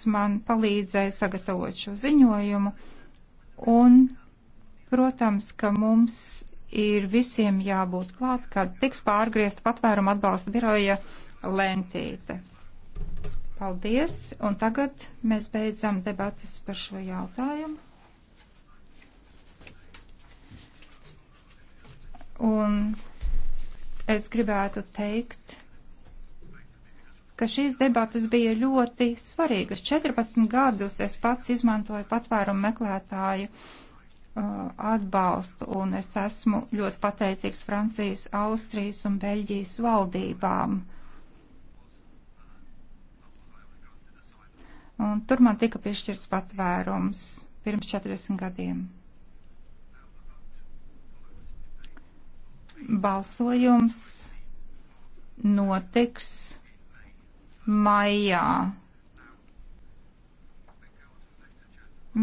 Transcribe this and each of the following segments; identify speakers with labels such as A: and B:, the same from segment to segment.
A: kas man palīdzēja sagatavot šo ziņojumu. Un, protams, ka mums ir visiem jābūt klāt, kad tiks pārgriezta patvēruma atbalsta biroja lentīte. Paldies, un tagad mēs beidzam debatas par šo jautājumu. Un es gribētu teikt, ka šīs debatas bija ļoti svarīgas. 14 gadus es pats izmantoju patvērumu meklētāju uh, atbalstu, un es esmu ļoti pateicīgs Francijas, Austrijas un Beļģijas valdībām. Un tur man tika piešķirts patvērums pirms 40 gadiem. Balsojums notiks maijā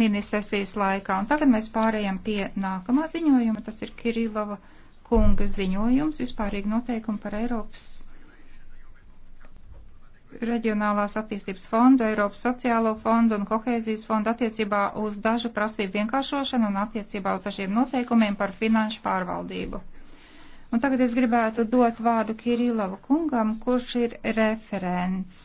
A: minisesijas laikā. Un tagad mēs pārējām pie nākamā ziņojuma. Tas ir Kirilova kunga ziņojums vispārīgi noteikumi par Eiropas reģionālās attīstības fondu, Eiropas sociālo fondu un kohēzijas fondu attiecībā uz dažu prasību vienkāršošanu un attiecībā uz dažiem noteikumiem par finanšu pārvaldību. Un tagad es gribētu dot vārdu Kirilova kungam, kurš ir referents.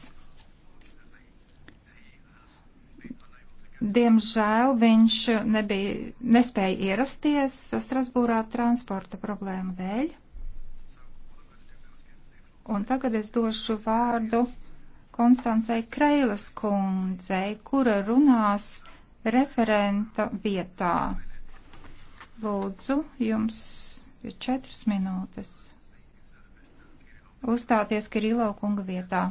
A: Diemžēl viņš nebija, nespēja ierasties Strasbūrā transporta problēmu dēļ. Un tagad es došu vārdu Konstancei Kreilas kundzei, kura runās referenta vietā. Lūdzu, jums ir četras minūtes. Uzstāties Kirilo kunga vietā.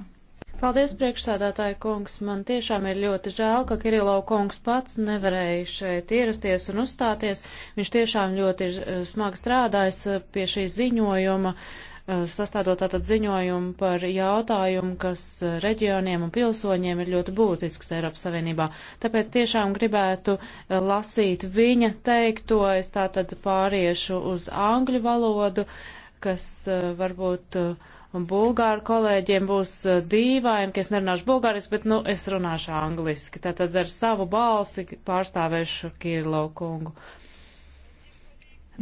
B: Paldies, priekšsādātāja kungs. Man tiešām ir ļoti žēl, ka Kirilo kungs pats nevarēja šeit ierasties un uzstāties. Viņš tiešām ļoti ir eh, smagi strādājis eh, pie šī ziņojuma. Uh, Eh, sastādot tātad ziņojumu par jautājumu, kas eh, reģioniem un pilsoņiem ir ļoti būtisks Eiropas Savienībā. Tāpēc tiešām gribētu eh, lasīt viņa teikto, es tātad pāriešu uz angļu valodu, kas varbūt bulgāru kolēģiem būs dīvaini, ka es nerunāšu bulgāriski, bet nu es runāšu angliski. Tātad ar savu balsi pārstāvēšu Kirlo kungu.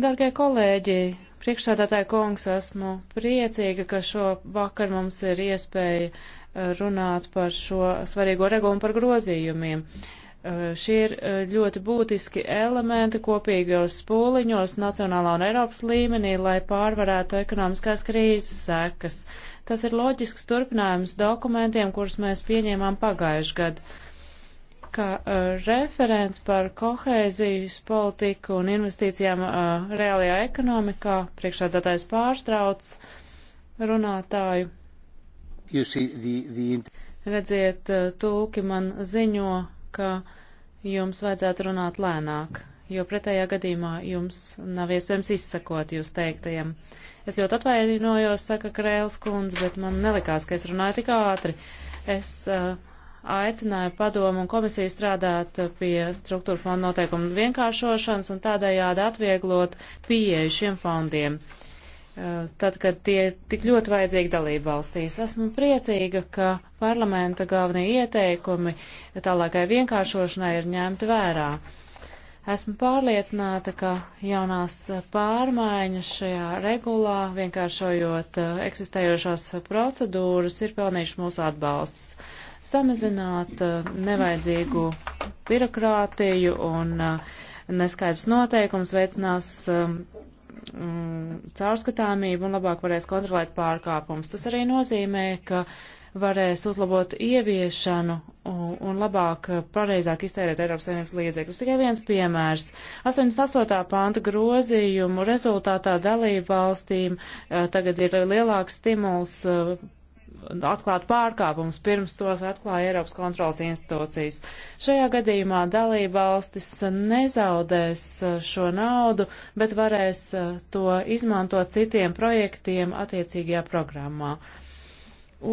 B: Dargie kolēģi, Priekšsādātāja kungs, esmu priecīga, ka šo vakar mums ir iespēja eh, runāt par šo svarīgo regulu un par grozījumiem. Eh, šie ir eh, ļoti būtiski elementi kopīgos pūliņos nacionālā un Eiropas līmenī, lai pārvarētu ekonomiskās krīzes sekas. Tas ir loģisks turpinājums dokumentiem, kurus mēs pieņēmām pagājušajā gadā ka uh, referents par kohēzijas politiku un investīcijām uh, reālajā ekonomikā priekšādātais pārstrauc runātāju. See, the, the... Redziet, uh, tulki man ziņo, ka jums vajadzētu runāt lēnāk, jo pretējā gadījumā jums nav iespējams izsakot jūs teiktajam. Es ļoti atvainojos, saka Krēls kundze, bet man nelikās, ka es runāju tik ātri. Es uh, aicināja padomu un komisiju strādāt pie struktūra fonda noteikumu vienkāršošanas un tādējādi atvieglot pieeju šiem fondiem, uh, tad, kad tie tik ļoti vajadzīgi dalību valstīs. Esmu priecīga, ka parlamenta galvenie ieteikumi tālākai vienkāršošanai ir ņemti vērā. Esmu pārliecināta, ka jaunās pārmaiņas šajā regulā, vienkāršojot uh, eksistējošās procedūras, ir pelnījuši mūsu atbalsts samazināt uh, nevajadzīgu birokrātiju un uh, neskaidrs noteikums veicinās um, mm, caurskatāmību un labāk varēs kontrolēt pārkāpumus. Tas arī nozīmē, ka varēs uzlabot ieviešanu un, un labāk, uh, pareizāk iztērēt Eiropas Savienības līdzekļus. Tikai viens piemērs. 88. panta grozījumu rezultātā dalību valstīm tagad ir lielāks stimuls atklāt pārkāpumus, pirms tos atklāja Eiropas kontrolas institūcijas. Šajā gadījumā dalība valstis nezaudēs uh, šo naudu, bet varēs uh, to izmantot citiem projektiem attiecīgajā programmā.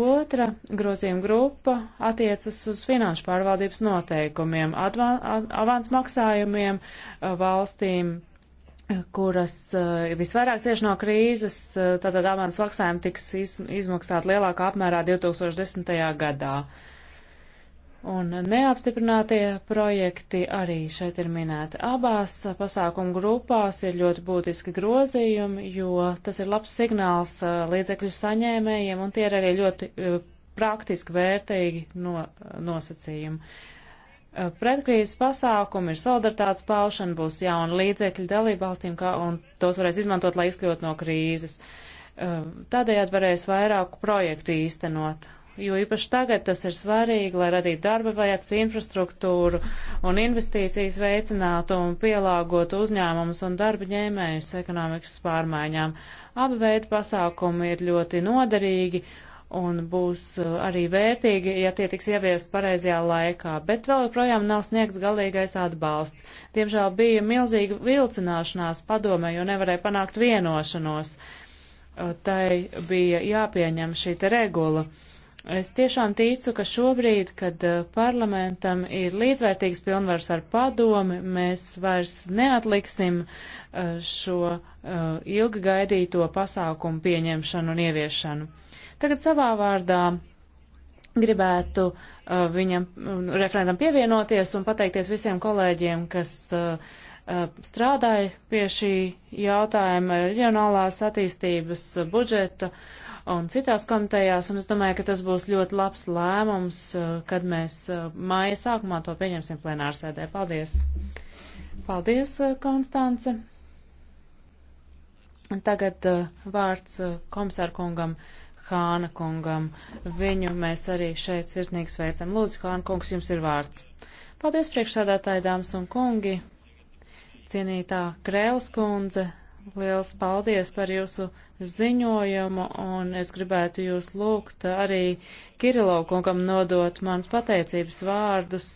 B: Otra grozījuma grupa attiecas uz finanšu pārvaldības noteikumiem, avans maksājumiem uh, valstīm kuras eh, visvairāk cieši no krīzes, eh, tātad avans maksājumi tiks iz, izmaksāt lielākā apmērā 2010. gadā. Un neapstiprinātie projekti arī šeit ir minēti. Abās pasākumu grupās ir ļoti būtiski grozījumi, jo tas ir labs signāls eh, līdzekļu saņēmējiem, un tie ir arī ļoti praktiski vērtīgi no, nosacījumi. Eh, pretkrīzes pasākumi, ir solidaritātes paušana, būs jauna līdzekļa dalībvalstīm, un tos varēs izmantot, lai izkļūtu no krīzes. Eh, tādējādi varēs vairāku projektu īstenot. Jo īpaši tagad tas ir svarīgi, lai radītu darba vajadzības infrastruktūru un investīcijas veicinātu un pielāgotu uzņēmumus un darba ņēmējus ekonomikas pārmaiņām. Abi veidi pasākumi ir ļoti noderīgi un būs uh, arī vērtīgi, ja tie tiks ieviest pareizajā laikā, bet vēl joprojām nav sniegts galīgais atbalsts. Diemžēl bija milzīga vilcināšanās padomē, jo nevarēja panākt vienošanos. Uh, tai bija jāpieņem šī te regula. Es tiešām ticu, ka šobrīd, kad uh, parlamentam ir līdzvērtīgs pilnvars ar padomi, mēs vairs neatliksim šo ilgi gaidīto pasākumu pieņemšanu un ieviešanu. Tagad savā vārdā gribētu uh, viņam um, mm, referentam pievienoties un pateikties visiem kolēģiem, kas uh, uh strādāja pie šī jautājuma reģionālās attīstības uh, budžeta un citās komitejās, un es domāju, ka tas būs ļoti labs lēmums, uh, kad mēs uh, māja sākumā to pieņemsim plenārsēdē. Paldies! Paldies, Konstance! Tagad vārds komisārkungam. kungam Hāna kungam. Viņu mēs arī šeit sirsnīgi sveicam. Lūdzu, Hāna kungs, jums ir vārds. Paldies priekšsādātāji, dāmas un kungi. Cienītā Krēls kundze, liels paldies par jūsu ziņojumu, un es gribētu jūs lūgt arī Kirilo kungam nodot manus pateicības vārdus,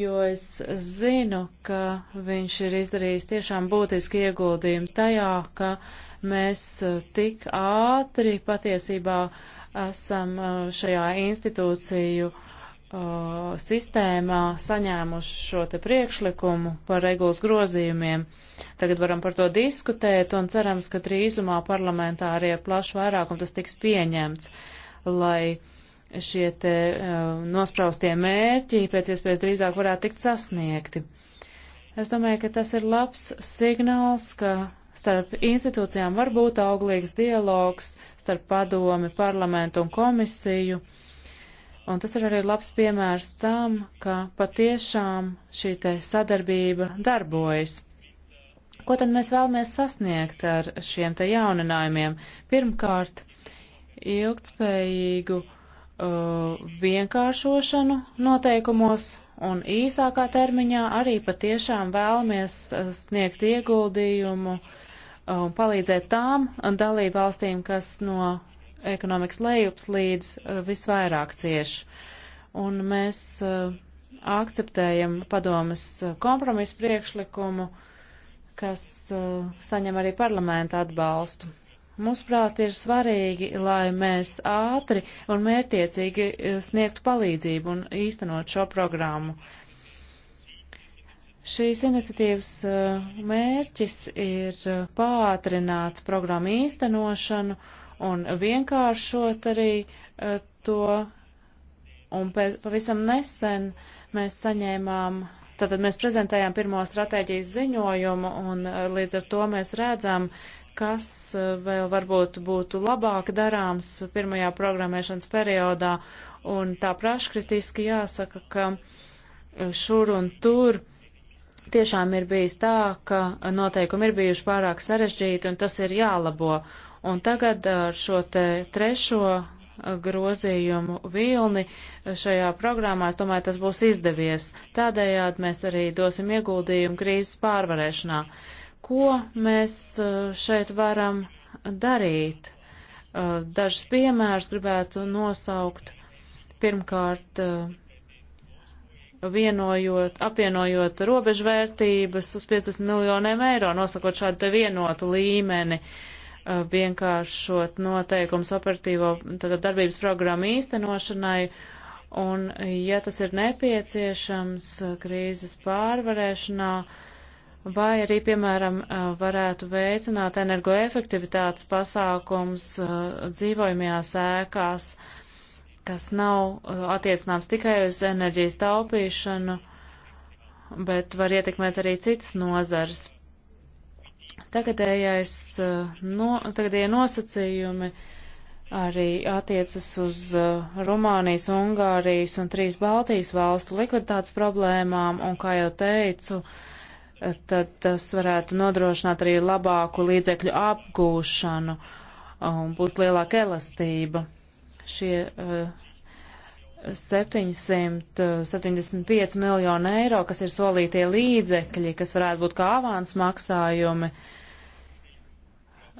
B: jo es zinu, ka viņš ir izdarījis tiešām būtisku ieguldījumu tajā, ka uh, mēs eh, tik ātri patiesībā esam eh, šajā institūciju eh, sistēmā saņēmuši šo te priekšlikumu par regulas grozījumiem. Tagad varam par to diskutēt un cerams, ka drīzumā parlamentā arī ar plašu vairākumu tas tiks pieņemts, lai šie te nospraustie mērķi pēc iespējas drīzāk varētu tikt sasniegti. Es domāju, ka tas ir labs signāls, ka Starp institūcijām var būt auglīgs dialogs starp padomi, parlamentu un komisiju. Un tas ir arī labs piemērs tam, ka patiešām šī te sadarbība darbojas. Ko tad mēs vēlamies sasniegt ar šiem te jauninājumiem? Pirmkārt, ilgtspējīgu uh, vienkāršošanu noteikumos un īsākā termiņā arī patiešām vēlamies uh, sniegt ieguldījumu uh, un uh, palīdzēt tām dalību valstīm, kas no ekonomikas lejupslīdes uh, visvairāk cieš. Un mēs uh, akceptējam padomas kompromisu priekšlikumu, kas saņem arī parlamenta atbalstu. Mūsuprāt, ir svarīgi, lai mēs ātri un mērtiecīgi sniegtu palīdzību un īstenot šo programmu. Uh, Šīs iniciatīvas eh, mērķis ir eh, pātrināt programmu īstenošanu un vienkāršot arī eh, to. Un pēc, pavisam nesen mēs saņēmām, tātad mēs prezentējām pirmo stratēģijas ziņojumu un līdz ar to mēs redzam, kas vēl varbūt būtu labāk darāms pirmajā programmēšanas periodā. Un tā praškritiski jāsaka, ka šur un tur uh, tiešām ir bijis tā, ka noteikumi ir bijuši pārāk sarežģīti un tas ir jālabo. Un tagad ar šo te trešo grozījumu vilni šajā programmā, es domāju, tas būs izdevies. Tādējādi mēs arī dosim ieguldījumu krīzes pārvarēšanā. Ko mēs uh, šeit varam darīt? Uh, dažus piemērus gribētu nosaukt. Pirmkārt, uh, vienojot, apvienojot robežvērtības uz 50 miljoniem eiro, nosakot šādu te vienotu līmeni, uh, vienkāršot noteikums operatīvo tātad, darbības programmu īstenošanai. Un, ja tas ir nepieciešams uh, krīzes pārvarēšanā, vai arī, piemēram, uh, varētu veicināt energoefektivitātes pasākums dzīvojamajās ēkās, uh, kas nav uh, attiecināms tikai uz enerģijas taupīšanu, bet var ietekmēt arī citas nozars. Tagadējais, uh, no, tagadējie nosacījumi arī attiecas uz uh, Rumānijas, Ungārijas un trīs Baltijas valstu likviditātes problēmām, un, kā jau teicu, tad tas varētu nodrošināt arī labāku līdzekļu apgūšanu un būs lielāka elastība šie uh, eh, 775 eh, miljoni eiro, kas ir solītie līdzekļi, kas varētu būt kā avāns maksājumi,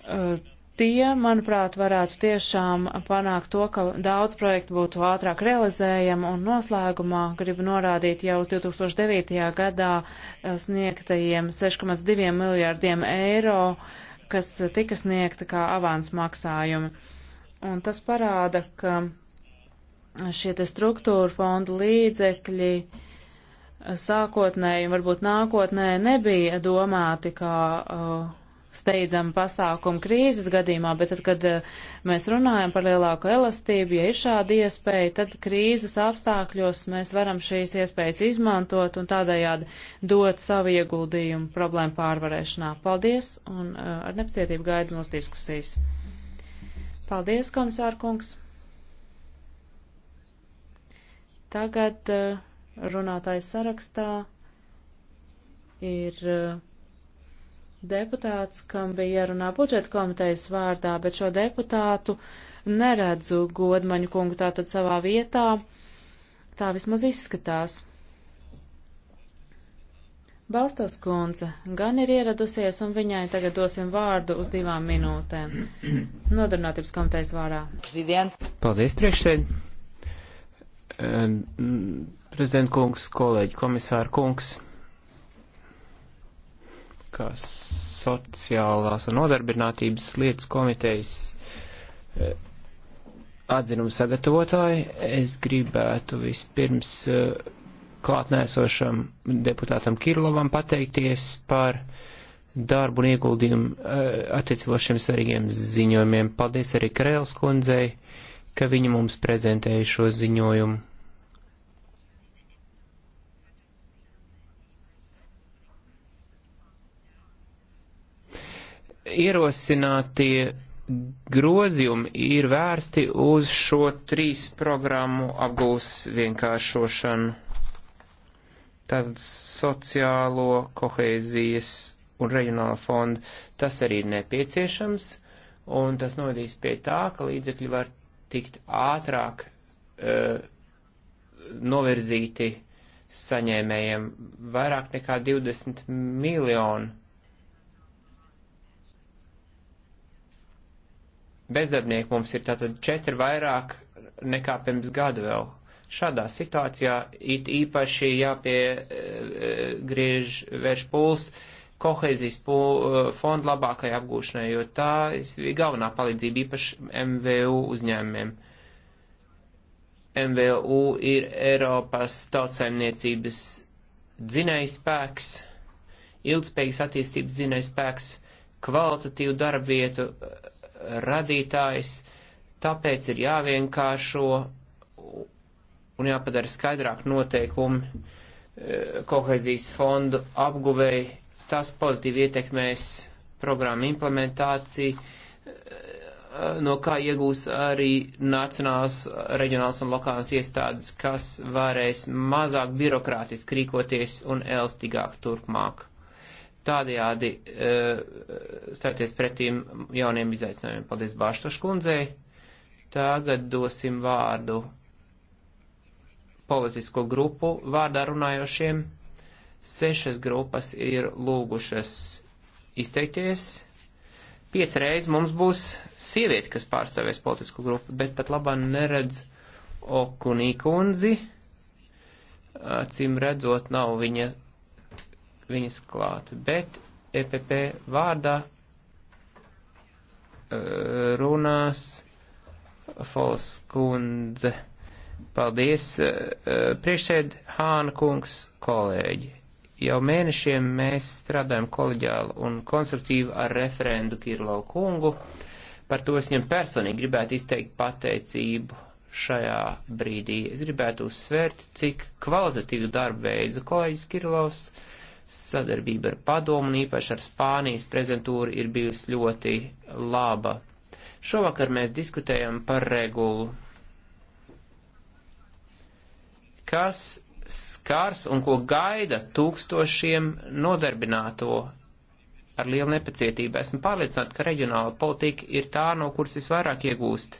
B: eh, tie, manuprāt, varētu tiešām panākt to, ka daudz projektu būtu ātrāk realizējami un noslēgumā gribu norādīt jau uz 2009. gadā sniegtajiem 6,2 miljārdiem eiro, kas tika sniegta kā avāns maksājumi. Un tas parāda, ka šie te struktūra fondu līdzekļi sākotnēji un varbūt nākotnē nebija domāti kā uh, steidzama pasākuma krīzes gadījumā, bet tad, kad uh, mēs runājam par lielāku elastību, ja ir šāda iespēja, tad krīzes apstākļos mēs varam šīs iespējas izmantot un tādējādi dot savu ieguldījumu problēmu pārvarēšanā. Paldies un uh, ar nepacietību gaidu mūsu diskusijas. Paldies, komisārkungs. Tagad eh, runātājs sarakstā ir eh, deputāts, kam bija jārunā budžeta komitejas vārdā, bet šo deputātu neredzu godmaņu kungu tātad savā vietā. Tā vismaz izskatās. Balstos kundze gan ir ieradusies, un viņai tagad dosim vārdu uz divām minūtēm. Nodarbinātības komitejas vārā.
A: Prezident.
C: Paldies, priekšsēd. Prezident kungs, kolēģi, komisāra kungs, kā sociālās un nodarbinātības lietas komitejas atzinuma sagatavotāji, es gribētu vispirms uh, klātnēsošam deputātam Kirlovam pateikties par darbu un ieguldījumu eh, attiecībā šiem svarīgiem ziņojumiem. Paldies arī Krēls kundzei, ka viņa mums prezentēja šo ziņojumu. Ierosinātie grozījumi ir vērsti uz šo trīs programmu apgūs vienkāršošanu. Tad sociālo kohēzijas un reģionāla fondu tas arī ir nepieciešams, un tas novadīs pie tā, ka līdzekļi var tikt ātrāk uh, novirzīti saņēmējiem vairāk nekā 20 miljonu. Bezdarbnieku mums ir tātad četri vairāk nekā pirms gadu vēl, Šādā situācijā it īpaši jāpiegriež e, e, vērš puls kohēzijas e, fonda labākai apgūšanai, jo tā ir galvenā palīdzība īpaši MVU uzņēmumiem. MVU ir Eiropas tautsaimniecības dzinējs spēks, ilgspējīgas attīstības dzinējs spēks, kvalitatīvu darbvietu radītājs, tāpēc ir jāvienkāršo un jāpadara skaidrāk noteikumi eh, kohezijas fondu apguvēji. Tas pozitīvi ietekmēs programmu implementāciju, eh, no kā iegūs arī nacionāls, reģionāls un lokāls iestādes, kas varēs mazāk birokrātiski rīkoties un elstīgāk turpmāk. Tādējādi eh, stāties pretīm jauniem izaicinājumiem. Paldies Bārštaškundzei. Tagad dosim vārdu politisko grupu vārdā runājošiem. Sešas grupas ir lūgušas izteikties. Piec reiz mums būs sieviete, kas pārstāvēs politisko grupu, bet pat labā neredz Okunī kundzi. Acīm redzot, nav viņa, viņas klāt, bet EPP vārdā eh, runās Fols kundze. Paldies, eh, eh, priekšsēd Hāna kungs, kolēģi. Jau mēnešiem mēs strādājam koleģiāli un konstruktīvi ar referendu Kirlau kungu. Par to es viņam personīgi gribētu izteikt pateicību šajā brīdī. Es gribētu uzsvērt, cik kvalitatīvu darbu veidu kolēģis Kirlovs sadarbība ar padomu un īpaši ar Spānijas prezentūru ir bijusi ļoti laba. Šovakar mēs diskutējam par regulu kas skars un ko gaida tūkstošiem nodarbināto ar lielu nepacietību. Esmu pārliecināta, ka reģionāla politika ir tā, no kuras visvairāk iegūst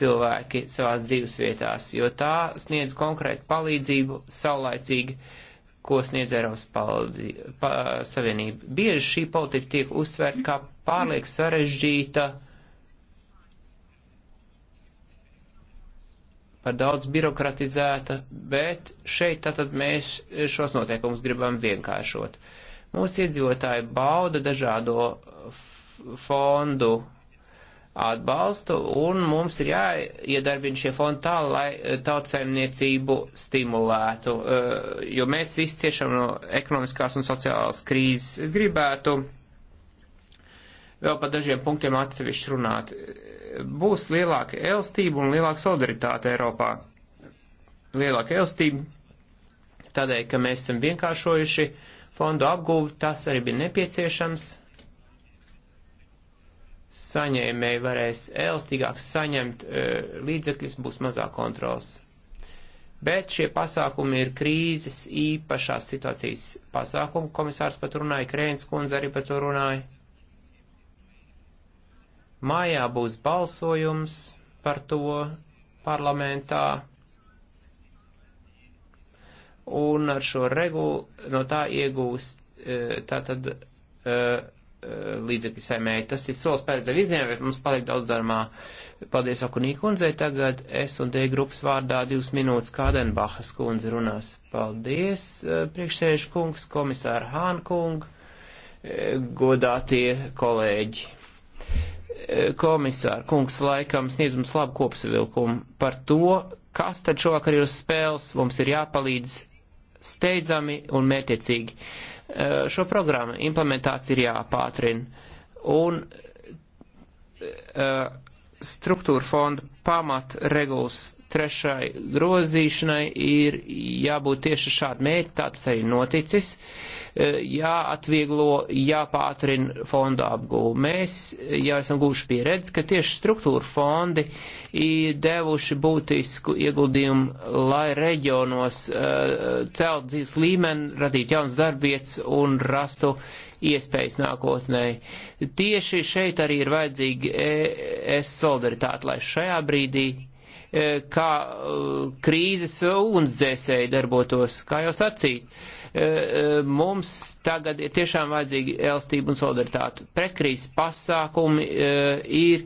C: cilvēki savās dzīves vietās, jo tā sniedz konkrētu palīdzību saulaicīgi, ko sniedz Eiropas paldi, pa, Savienība. Bieži šī politika tiek uztverta kā pārliek sarežģīta uh, par daudz birokratizēta, bet šeit tātad mēs šos noteikumus gribam vienkāršot. Mūsu iedzīvotāji bauda dažādo fondu atbalstu, un mums ir jāiedarbina šie fondi tā, lai tautsēmniecību stimulētu, e, jo mēs visi ciešam no ekonomiskās un sociālās krīzes. Es gribētu vēl par dažiem punktiem atsevišķi runāt būs lielāka elastība un lielāka solidaritāte Eiropā. Lielāka elastība tādēļ, ka mēs esam vienkāršojuši fondu apgūvu, tas arī bija nepieciešams. Saņēmēji varēs elastīgāk saņemt e, līdzekļus, būs mazāk kontrols. Bet šie pasākumi ir krīzes īpašās situācijas pasākumi. Komisārs pat runāja, Krēns kundze arī par to runāja Mājā būs balsojums par to parlamentā. Un ar šo regulu no tā iegūst e, tātad e, e, līdzekļu saimēji. Tas ir solis pēc avīzēm, bet mums paliek daudz darmā. Paldies Okunī kundzei. Tagad es un D grupas vārdā divas minūtes Kādenbahas kundze runās. Paldies, priekšsēžu kungs, komisāra Hānkungu, godātie kolēģi komisāra kungs laikam sniedz mums labu kopsavilkumu par to, kas tad šovakar ir uz spēles, mums ir jāpalīdz steidzami un mērķiecīgi. Eh, šo programmu implementācija ir jāpātrina. Un eh, struktūra fonda pamat regulas trešai grozīšanai ir jābūt tieši šādi mērķi, tāds arī noticis. Uh, E, jāatvieglo, jāpātrina fondu apgūvu. Mēs jau esam gūši pieredzi, ka tieši struktūra fondi ir devuši būtisku ieguldījumu, lai reģionos e, celt dzīves līmeni, radītu jaunas darbvietas un rastu iespējas nākotnē. Tieši šeit arī ir vajadzīga es solidaritāte, lai šajā brīdī e, kā krīzes ugunsdzēsēji darbotos, kā jau sacīt. Eh, eh, mums tagad ir tiešām vajadzīga elstība un solidaritāte. Prekrīzes pasākumi eh, ir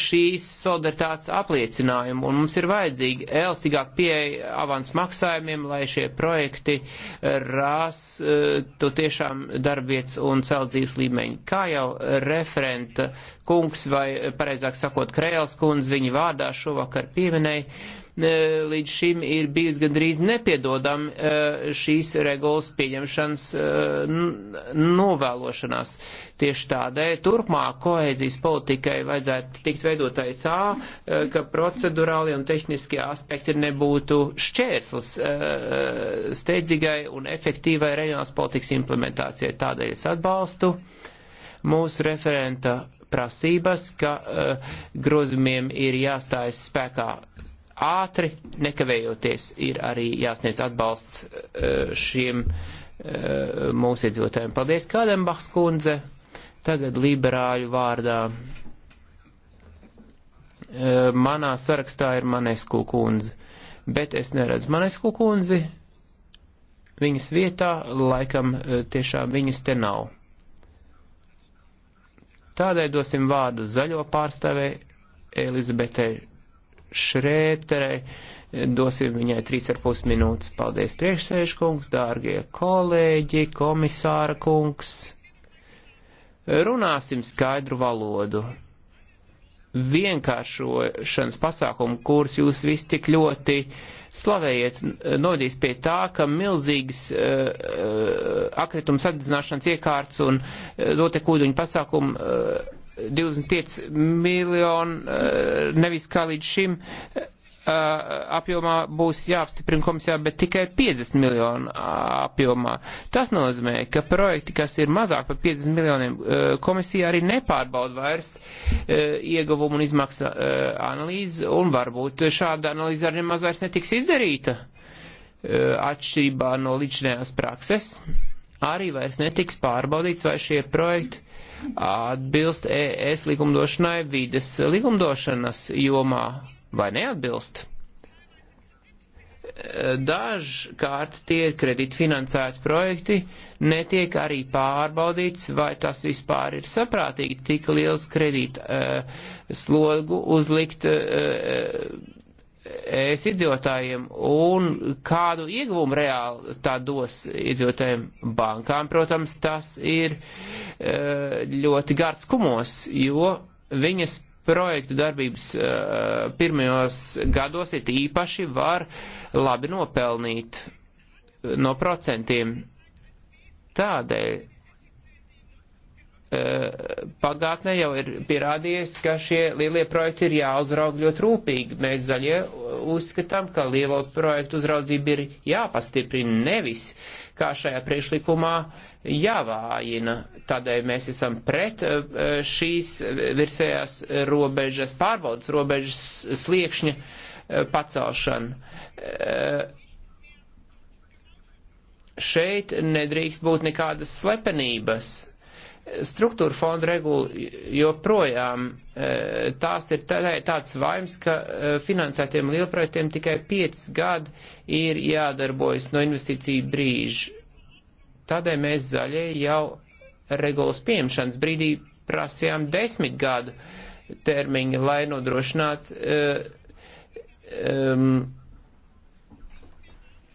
C: šīs solidaritātes apliecinājumu, un mums ir vajadzīga elastīgāk pieeja avans maksājumiem, lai šie projekti rās to tiešām darbvietas un celdzīves līmeņi. Kā jau referenta kungs vai, pareizāk sakot, Krēls kundz viņa vārdā šovakar pieminēja, līdz šim ir bijis gandrīz nepiedodam e, šīs regulas pieņemšanas e, novēlošanās. Tieši tādēļ turpmāk kohēzijas politikai vajadzētu tikt veidotai tā, e, ka procedurāli un tehniskie aspekti nebūtu šķērslis steidzīgai un efektīvai reģionāls politikas implementācijai. Tādēļ es atbalstu mūsu referenta prasības, ka uh, grozumiem ir jāstājas spēkā ātri, nekavējoties, ir arī jāsniedz atbalsts e, šiem e, mūsu iedzīvotājiem. Paldies, Kādenbachs kundze, tagad liberāļu vārdā. E, manā sarakstā ir Manesku kundze, bet es neredzu Manesku kundzi. Viņas vietā laikam tiešām viņas te nav. Tādēļ dosim vārdu zaļo pārstāvē Elizabetei Šrēterei. Dosim viņai 3,5 minūtes. Paldies, priekšsēžkungs, dārgie kolēģi, komisāra kungs. Runāsim skaidru valodu. Vienkāršošanas pasākumu, kurus jūs visi tik ļoti slavējiet, nodīs pie tā, ka milzīgas uh, eh, eh, akritums atdzināšanas iekārts un uh, eh, notekūduņu pasākumu uh, 25 miljonu, eh, nevis kā līdz šim eh, apjomā būs jāapstiprina komisijā, bet tikai 50 miljonu eh, apjomā. Tas nozīmē, ka projekti, kas ir mazāk par 50 miljoniem, komisija arī nepārbauda vairs ieguvumu un izmaksa analīzi, un varbūt šāda analīze arī nemaz vairs netiks izdarīta atšķirībā no līdzinējās prakses. Arī vairs netiks pārbaudīts, vai šie projekti atbilst ES likumdošanai vides likumdošanas jomā vai neatbilst. Dažkārt tie ir kreditfinansēti projekti, netiek arī pārbaudīts, vai tas vispār ir saprātīgi tik liels kredīt uh, slogu uzlikt uh, es iedzīvotājiem un kādu ieguvumu reāli tā dos iedzīvotājiem bankām, protams, tas ir e, ļoti gards kumos, jo viņas projektu darbības e, pirmajos gados it īpaši var labi nopelnīt no procentiem. Tādēļ Eh, pagātnē jau ir pierādījies, ka šie lielie projekti ir jāuzraug ļoti rūpīgi. Mēs zaļie uzskatām, ka lielo projektu uzraudzība ir jāpastiprina nevis, kā šajā priekšlikumā jāvājina. Tādēļ mēs esam pret eh, šīs virsējās robežas, pārbaudas robežas sliekšņa eh, pacelšanu šeit nedrīkst būt nekādas slepenības struktūra fonda regula joprojām e, tās ir tāds vaims, ka e, finansētiem lielprojektiem tikai 5 gadi ir jādarbojas no investīciju brīža. Tādēļ mēs zaļie jau regulas pieņemšanas brīdī prasījām 10 gadu termiņu, lai nodrošinātu um,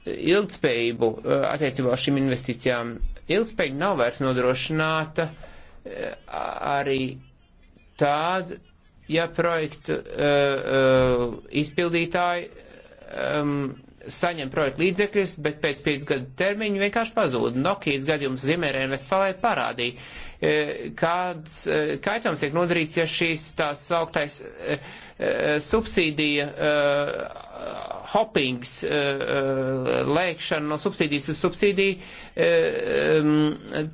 C: e, ilgspējību attiecībā uz šīm investīcijām ilgspējīgi nav vairs nodrošināta eh, arī tāda, ja projektu uh, uh, izpildītāji um, saņem projektu līdzekļus, bet pēc 5 gadu termiņu vienkārši pazūd. Nokijas gadījums Zimērēn Vestfalē parādīja, uh, kāds uh, kaitums tiek nodarīts, ja šīs tās sauktais uh, subsīdija uh, Uh, hoppings, uh, uh, lēkšana no subsīdijas uz subsīdiju, um,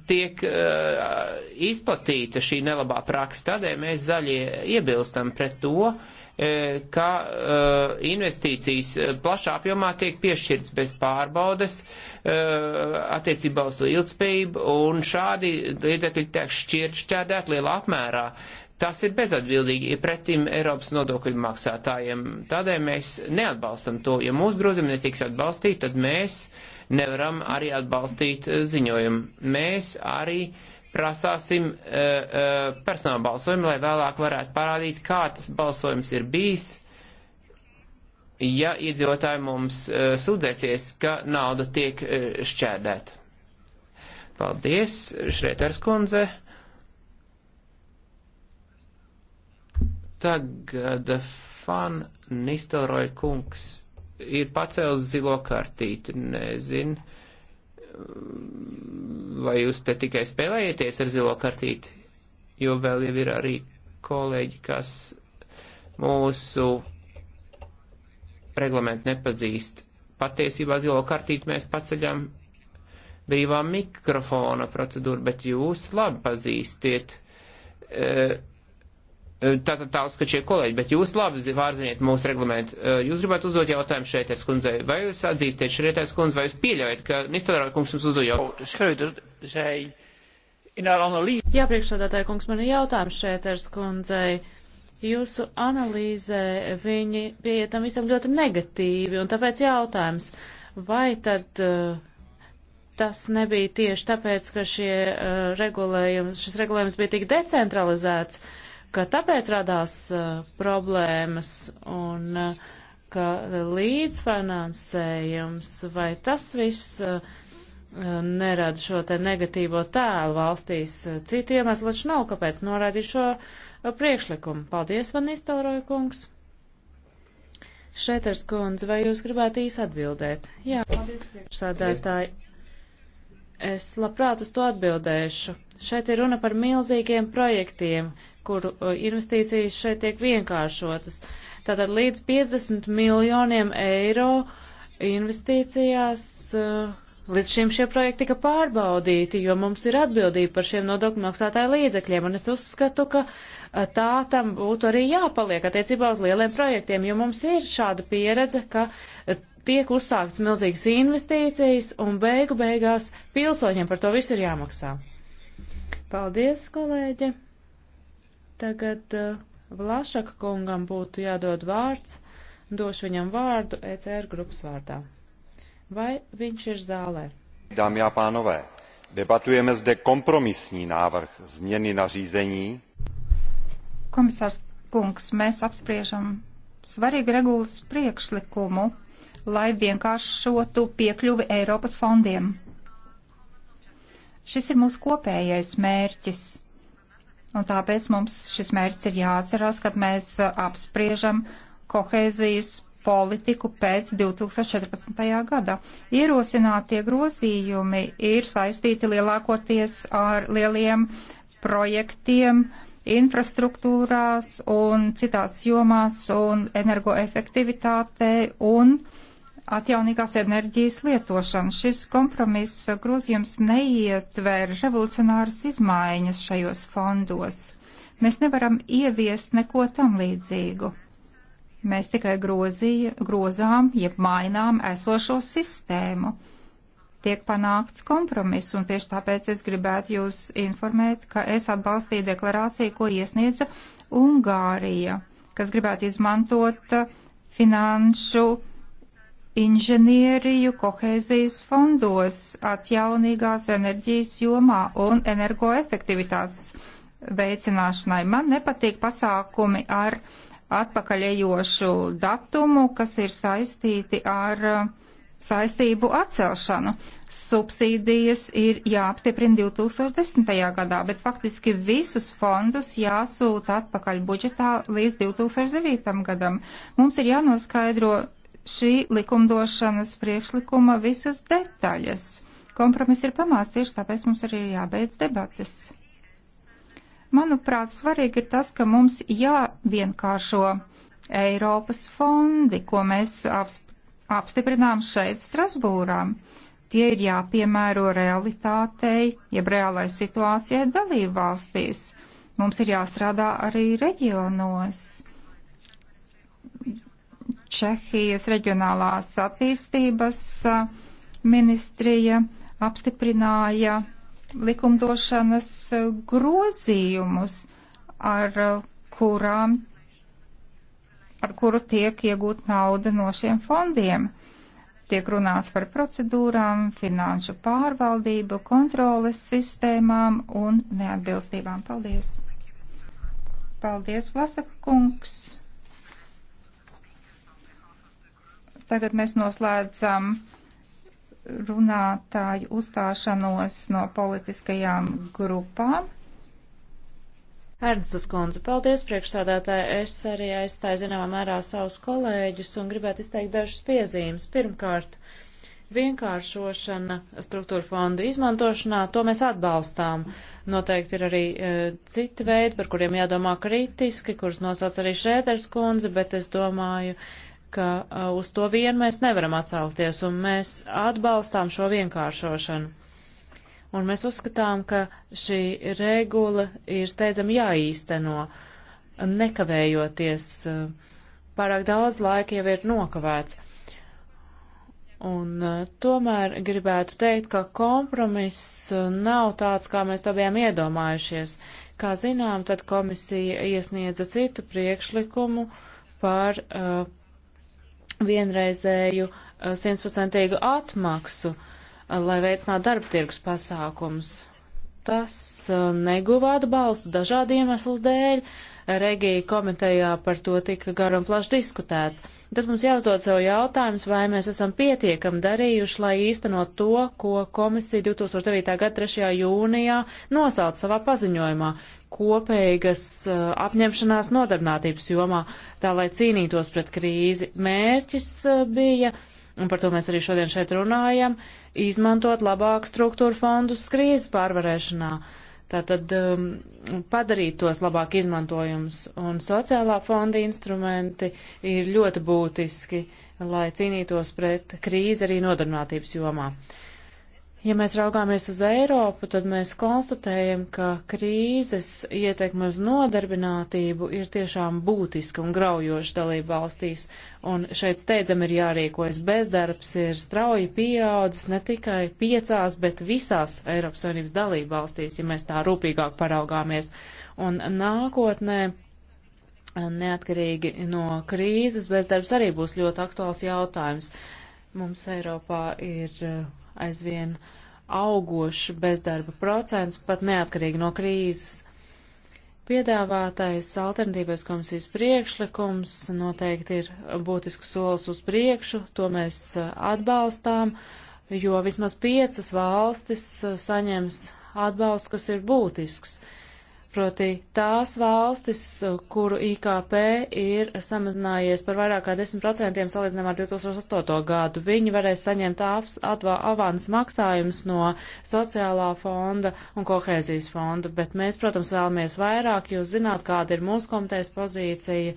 C: tiek izplatīta šī nelabā praksa. Tādēļ mēs zaļie iebilstam pret to, ka investīcijas plašā apjomā tiek piešķirts bez pārbaudes attiecībā uz to ilgspējību, un šādi līdzekļi tiek šķirtšķēdēt lielā apmērā. Uh, Tas ir bezatbildīgi pretim Eiropas nodokļu maksātājiem. Tādēļ mēs neatbalstam to. Ja mūsu grozījumi netiks atbalstīti, tad mēs nevaram arī atbalstīt eh, ziņojumu. Mēs arī prasāsim uh, uh, personāla balsojumu, lai vēlāk varētu parādīt, kāds balsojums ir bijis, ja iedzīvotāji mums uh, sūdzēsies, ka nauda tiek uh, šķērdēta. Paldies, Šrieters kundze. Tagad Fan Nistelroja kungs ir pacēlis zilo kartīti, nezinu. Vai jūs te tikai spēlējaties ar zilo kartīti? Jo vēl jau ir arī kolēģi, kas mūsu reglamentu nepazīst. Patiesībā zilo kartīti mēs paceļam brīvā mikrofona procedūru, bet jūs labi pazīstiet. Uh, Eh, tātad tā uzskačie kolēģi, bet jūs labi pārziniet mūsu reglamentu. Eh, jūs gribat uzdot jautājumu šeit, es kundzei. Vai jūs atzīstiet šeit, es kundze, vai jūs pieļaujat, ka Nistadārā kungs jums uzdod jautājumu?
B: Oh, Jā, priekšsādātāja kungs, man ir jautājums šeit, es kundzei. Jūsu analīzē viņi bija tam visam ļoti negatīvi, un tāpēc jautājums, vai tad uh, tas nebija tieši tāpēc, ka šie uh, regulējums, šis regulējums bija tik decentralizēts, uh, ka tāpēc radās uh, problēmas un uh, ka līdzfinansējums vai tas viss uh, nerada šo te negatīvo tēlu valstīs. Citu iemeslu taču nav, kāpēc norādīju šo priekšlikumu. Paldies, Van Nistelroja kungs. Šeters kundze, vai jūs gribētu īsi atbildēt? Jā, paldies, priekšsādētāji. Es labprāt uz to atbildēšu. Šeit ir runa par milzīgiem projektiem, kur uh, investīcijas šeit tiek vienkāršotas. Tātad līdz 50 miljoniem eiro investīcijās uh, līdz šim šie projekti tika pārbaudīti, jo mums ir atbildība par šiem nodokļu maksātāju līdzekļiem, un es uzskatu, ka uh, tā tam būtu arī jāpaliek attiecībā uz lieliem projektiem, jo mums ir šāda pieredze, ka tiek uzsāktas milzīgas investīcijas, un beigu beigās pilsoņiem par to visu ir jāmaksā. Paldies, kolēģi! Tagad eh, Vlašaka kungam būtu jādod vārds, došu viņam vārdu ECR grupas vārdā. Vai viņš ir zālē? Dámy a pánové, debatujeme zde kompromisní návrh změny nařízení.
A: Komisārs kungs, mēs apspriežam svarīgu regulas priekšlikumu, lai vienkāršotu piekļuvi Eiropas fondiem. Šis ir mūsu kopējais mērķis Un tāpēc mums šis mērķis ir jāatcerās, kad mēs uh, apspriežam kohēzijas politiku pēc 2014. gada. Ierosinātie grozījumi ir saistīti lielākoties ar lieliem projektiem infrastruktūrās un citās jomās un energoefektivitātei un uh, atjaunīgās enerģijas lietošanu. Šis kompromiss uh, grozījums neietver revolucionāras izmaiņas šajos fondos. Mēs nevaram ieviest neko tam līdzīgu. Mēs tikai grozīja, grozām, jeb mainām esošo sistēmu. Tiek panākts kompromiss, un tieši tāpēc es gribētu jūs informēt, ka es atbalstīju deklarāciju, ko iesniedza Ungārija, kas gribētu izmantot uh, finanšu inženieriju kohēzijas fondos, atjaunīgās enerģijas jomā un energoefektivitātes veicināšanai. Man nepatīk pasākumi ar atpakaļejošu datumu, kas ir saistīti ar uh, saistību atcelšanu. Subsīdijas ir jāapstiprina 2010. gadā, bet faktiski visus fondus jāsūta atpakaļ budžetā līdz 2009. gadam. Mums ir jānoskaidro šī likumdošanas priekšlikuma visas detaļas. Kompromiss ir pamāts, tieši tāpēc mums arī ir jābeidz debates. Manuprāt, svarīgi ir tas, ka mums jāvienkāršo Eiropas fondi, ko mēs apstiprinām šeit Strasbūrā. Tie ir jāpiemēro realitātei, jeb reālai situācijai dalību valstīs. Mums ir jāstrādā arī reģionos Čehijas reģionālās attīstības ministrija apstiprināja likumdošanas grozījumus, ar kurām, ar kuru tiek iegūt nauda no šiem fondiem. Tiek runāts par procedūrām, finanšu pārvaldību, kontroles sistēmām un neatbilstībām. Paldies! Paldies, Vlasaka kungs! Tagad mēs noslēdzam runātāju uzstāšanos no politiskajām grupām.
B: Ernstas kundze, paldies priekšsādātāji. Es arī aizstāju zināmā mērā savus kolēģus un gribētu izteikt dažas piezīmes. Pirmkārt, vienkāršošana struktūra fondu izmantošanā, to mēs atbalstām. Noteikti ir arī e, citi veidi, par kuriem jādomā kritiski, kurus nosauc arī Šrēters kundze, bet es domāju, ka uz to vien mēs nevaram atsaukties, un mēs atbalstām šo vienkāršošanu. Un mēs uzskatām, ka šī regula ir steidzami jāīsteno, nekavējoties. Pārāk daudz laika jau ir nokavēts. Un tomēr gribētu teikt, ka kompromiss nav tāds, kā mēs to bijām iedomājušies. Kā zinām, tad komisija iesniedza citu priekšlikumu par uh, vienreizēju 100% eh, atmaksu, eh, lai veicinātu darba tirgus pasākums. Tas eh, neguva atbalstu dažādu iemeslu dēļ, Regija komitejā par to tika gar un plaši diskutēts. Tad mums jāuzdod sev jautājums, vai mēs esam pietiekami darījuši, lai īstenot to, ko komisija 2009. gada 3. jūnijā nosauca savā paziņojumā, kopīgas apņemšanās nodarbinātības jomā, tā lai cīnītos pret krīzi. Mērķis bija, un par to mēs arī šodien šeit runājam, izmantot labāk struktūru fondus krīzes pārvarēšanā. Tātad um, padarīt tos labāk izmantojums. Un sociālā fonda instrumenti ir ļoti būtiski, lai cīnītos pret krīzi arī nodarbinātības jomā. Uh, Ja mēs raugāmies uz Eiropu, tad mēs konstatējam, ka krīzes ietekme uz nodarbinātību ir tiešām būtiska un graujoša dalība valstīs, un šeit steidzam ir jārīkojas. Bezdarbs ir strauji pieaudzis ne tikai piecās, bet visās Eiropas Savienības dalība valstīs, ja mēs tā rūpīgāk paraugāmies. Un nākotnē neatkarīgi no krīzes, bezdarbs arī būs ļoti aktuāls jautājums. Mums Eiropā ir aizvien augošs bezdarba procents, pat neatkarīgi no krīzes. Piedāvātais alternatīvais komisijas priekšlikums noteikti ir būtisks solis uz priekšu, to mēs atbalstām, jo vismaz piecas valstis saņems atbalstu, kas ir būtisks. Uh, proti tās valstis, kuru IKP ir samazinājies par vairāk kā 10% salīdzinām ar 2008. gadu. Viņi varēs saņemt avans maksājumus no sociālā fonda un kohēzijas fonda, bet mēs, protams, vēlamies vairāk, jūs zināt, kāda ir mūsu komitejas pozīcija.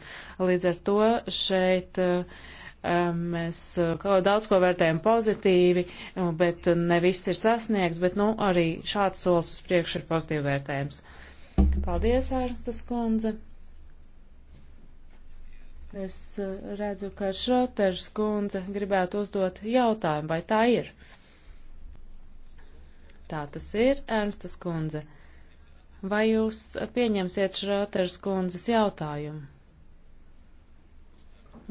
B: Līdz ar to šeit. Eh, mēs eh, daudz ko vērtējam pozitīvi, bet ne viss ir sasniegts, bet nu, arī šāds solis uz priekšu ir pozitīvi vērtējams. Paldies, Ārstas kundze. Es eh, redzu, ka Šroters kundze gribētu uzdot jautājumu, vai tā ir. Tā tas ir, Ernstas kundze. Vai jūs pieņemsiet Šroters kundzes jautājumu?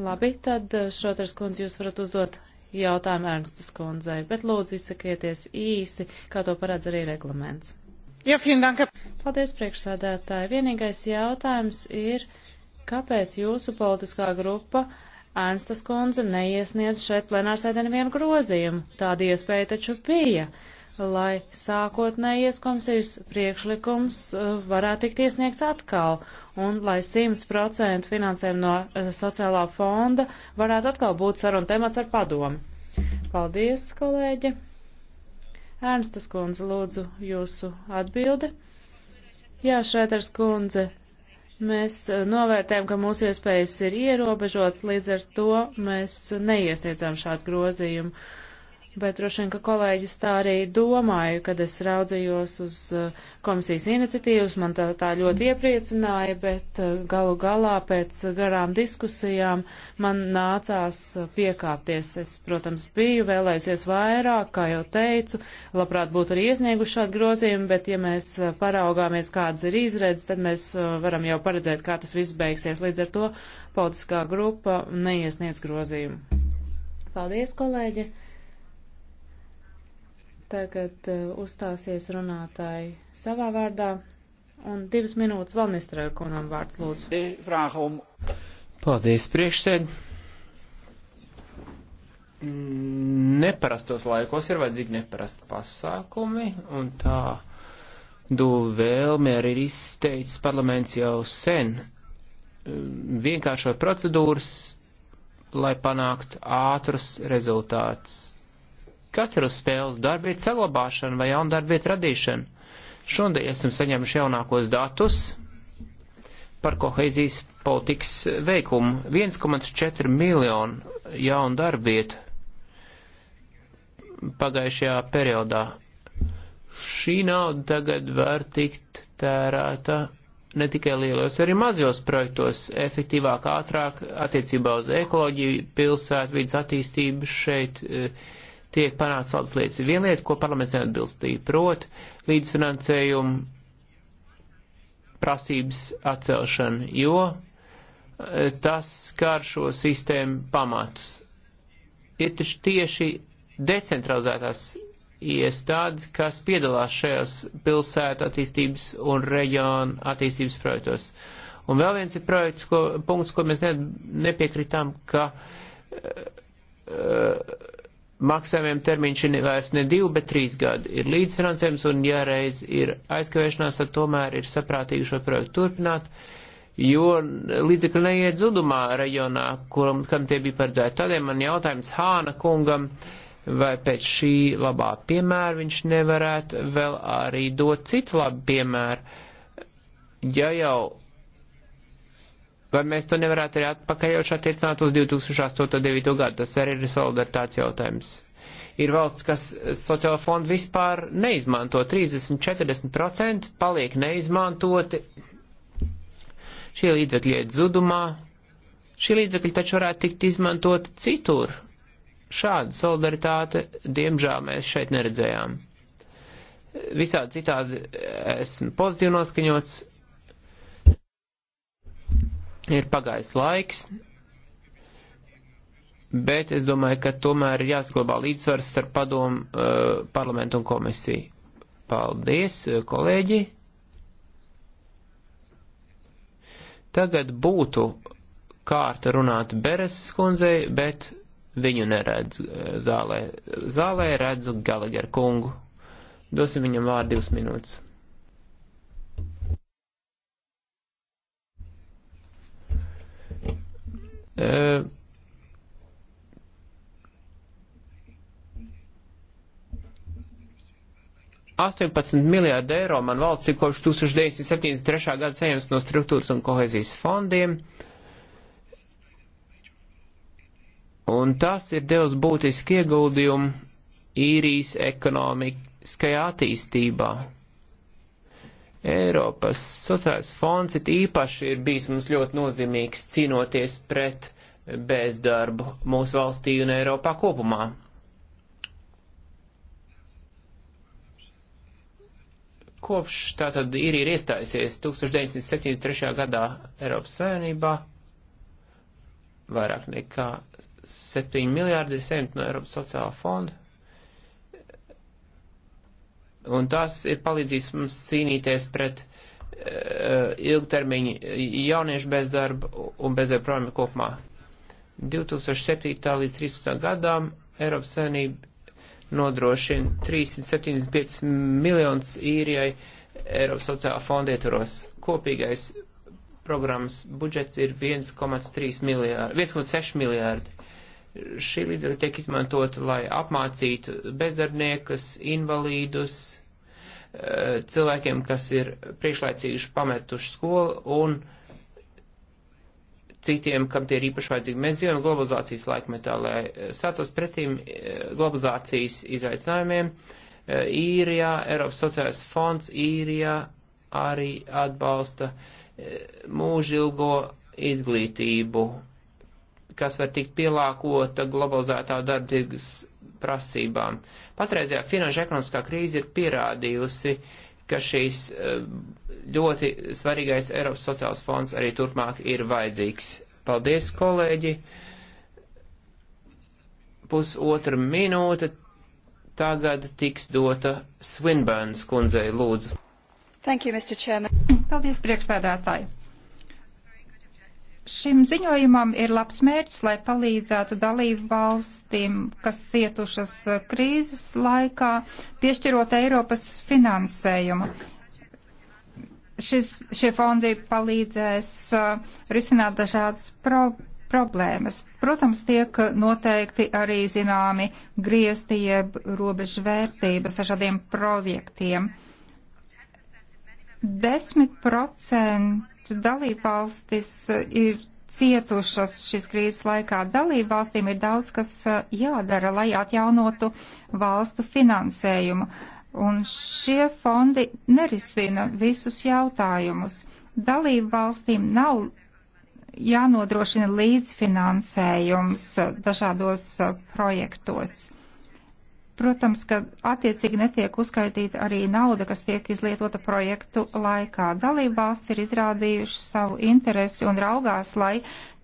B: Labi, tad eh, Šroters kundze jūs varat uzdot jautājumu Ernstas kundzei, bet lūdzu izsakieties īsi, kā to paredz arī reglaments. Ja, dank. Paldies, priekšsēdētāji. Vienīgais jautājums ir, kāpēc jūsu politiskā grupa Ēnstas kundze neiesniedz šeit plenārsēdē nevienu grozījumu. Tāda iespēja taču bija, lai sākotnējies komisijas priekšlikums uh, varētu tikt iesniegts atkal un lai 100% finansējumu no uh, sociālā fonda varētu atkal būt saruna temats ar padomu. Paldies, kolēģi! Ernstas kundze, lūdzu jūsu atbildi. Jā, Šreters kundze, mēs eh, novērtējam, ka mūsu iespējas ir ierobežotas, līdz ar to mēs neiestiedzām šādu grozījumu bet droši vien, ka kolēģis tā arī domāju, kad es raudzījos uz uh, komisijas iniciatīvas, man tā, tā ļoti iepriecināja, bet uh, galu galā pēc garām diskusijām man nācās uh, piekāpties. Es, protams, biju vēlējusies vairāk, kā jau teicu, labprāt būtu arī iesnieguši šādu grozījumu, bet ja mēs paraugāmies, kādas ir izredzes, tad mēs varam jau paredzēt, kā tas viss beigsies. Līdz ar to politiskā grupa neiesniedz grozījumu. Paldies, kolēģi! Tagad eh, uzstāsies runātāji savā vārdā. Un divas minūtes vēl nestrēju konam vārds lūdzu.
C: Paldies, priekšsēd. Neparastos laikos ir vajadzīgi neparasti pasākumi, un tā du vēlmi arī ir izteicis parlaments jau sen. Vienkāršo procedūras, lai panākt ātrus rezultātus Kas ir uz spēles? Darbvietu saglabāšana vai jaunu darbvietu radīšana? Šodien esam saņēmuši jaunākos datus par kohēzijas politikas veikumu. 1,4 miljonu jaunu darbvietu pagājušajā periodā. Šī nauda tagad var tikt tērēta ne tikai lielos, arī mazos projektos, efektīvāk, ātrāk attiecībā uz ekoloģiju, pilsētu, vidas attīstību šeit. Uh, tiek panākts labas lietas. Viena lieta, ko parlaments neatbilstīja, proti līdzfinansējumu prasības atcelšana, jo eh, tas skar šo sistēmu pamatus. Ir taču tieši decentralizētās iestādes, kas piedalās šajos pilsētu attīstības un reģionu attīstības projektos. Un vēl viens ir projekts, ko, punkts, ko mēs ne, nepiekritām, ka uh, uh, maksājumiem termiņš ir vairs ne divi, bet trīs gadi. Ir līdzfinansējums un, ja reiz ir aizkavēšanās, tad tomēr ir saprātīgi šo projektu turpināt, jo līdzekļi neiet zudumā reģionā, kuram, kam tie bija paredzēti. Tādēļ man jautājums Hāna kungam, vai pēc šī labā piemēra viņš nevarētu vēl arī dot citu labu piemēru, ja jau Vai mēs to nevarētu arī atpakaļoši attiecināt uz 2008.9. gadu? Tas arī ir solidaritāts jautājums. Ir valsts, kas sociālo fondu vispār neizmanto. 30-40% paliek neizmantoti. Šie līdzekļi iet zudumā. Šie līdzekļi taču varētu tikt izmantoti citur. Šādu solidaritāti, diemžēl, mēs šeit neredzējām. Visādi citādi esmu pozitīvi noskaņots, ir pagājis laiks, bet es domāju, ka tomēr ir jāsaglabā līdzsvars starp padomu uh, parlamentu un komisiju. Paldies, eh, kolēģi! Tagad būtu kārta runāt Bereses kundzei, bet viņu neredz eh, zālē. Zālē redzu Gallagher kungu. Dosim viņam vārdu divas minūtes. Uh, Astoņpadsmit miljārdi eiro man valsts ir kopš 1973. gada saņemts no struktūras un kohezijas fondiem, un tas ir devis būtiski ieguldījumu īrijas ekonomiskajā attīstībā. Eiropas sociālais fonds it īpaši ir bijis mums ļoti nozīmīgs cīnoties pret bezdarbu mūsu valstī un Eiropā kopumā. Kopš tātad ir, ir iestājusies 1973. gadā Eiropas Savienībā vairāk nekā 7 miljārdi ir saņemti no Eiropas sociālā fonda Un tas ir palīdzījis mums cīnīties pret uh, eh, ilgtermiņu eh, jauniešu bezdarbu un bezdarbu problēmu kopumā. 2007. līdz 2013. gadām Eiropas Savienība nodrošina 375 miljonus īrijai Eiropas sociālā fonda ietvaros. Kopīgais programmas budžets ir 1,6 miljārdi. Šī līdzekļa tiek izmantot, lai apmācītu bezdarbniekus, invalīdus, eh, cilvēkiem, kas ir priekšlaicīgi pametuši skolu un citiem, kam tie ir īpaši vajadzīgi. Mēs dzīvojam globalizācijas laikmetā, lai eh, status pretīm eh, globalizācijas izaicinājumiem. Īrijā, Eiropas sociālais fonds īrijā arī atbalsta mūžilgo izglītību kas var tikt pielāgota globalizētā darbības prasībām. Patreizajā finanšu ekonomiskā krīze ir pierādījusi, ka šīs eh, ļoti svarīgais Eiropas sociāls fonds arī turpmāk ir vajadzīgs. Paldies, kolēģi! Pusotra minūte tagad tiks dota Svinbērns kundzei lūdzu.
A: Thank you, Mr. Chairman. Paldies, priekšstādātāji! Šim ziņojumam ir labs mērķis, lai palīdzētu dalību valstīm, kas cietušas eh, krīzes laikā, piešķirot Eiropas finansējumu. Šis, šie fondi palīdzēs uh, risināt dažādas pro problēmas. Protams, tiek noteikti arī zināmi griezti jeb robežu vērtības ar šādiem projektiem. 10% dalībvalstis uh, ir cietušas šīs krīzes laikā. Dalībvalstīm ir daudz, kas uh, jādara, lai atjaunotu valstu finansējumu. Un šie fondi nerisina visus jautājumus. Dalībvalstīm nav jānodrošina līdzfinansējums uh, dažādos projektos. Protams, ka attiecīgi netiek uzskaitīta arī nauda, kas tiek izlietota projektu laikā. Dalība valsts ir izrādījuši savu interesi un raugās, lai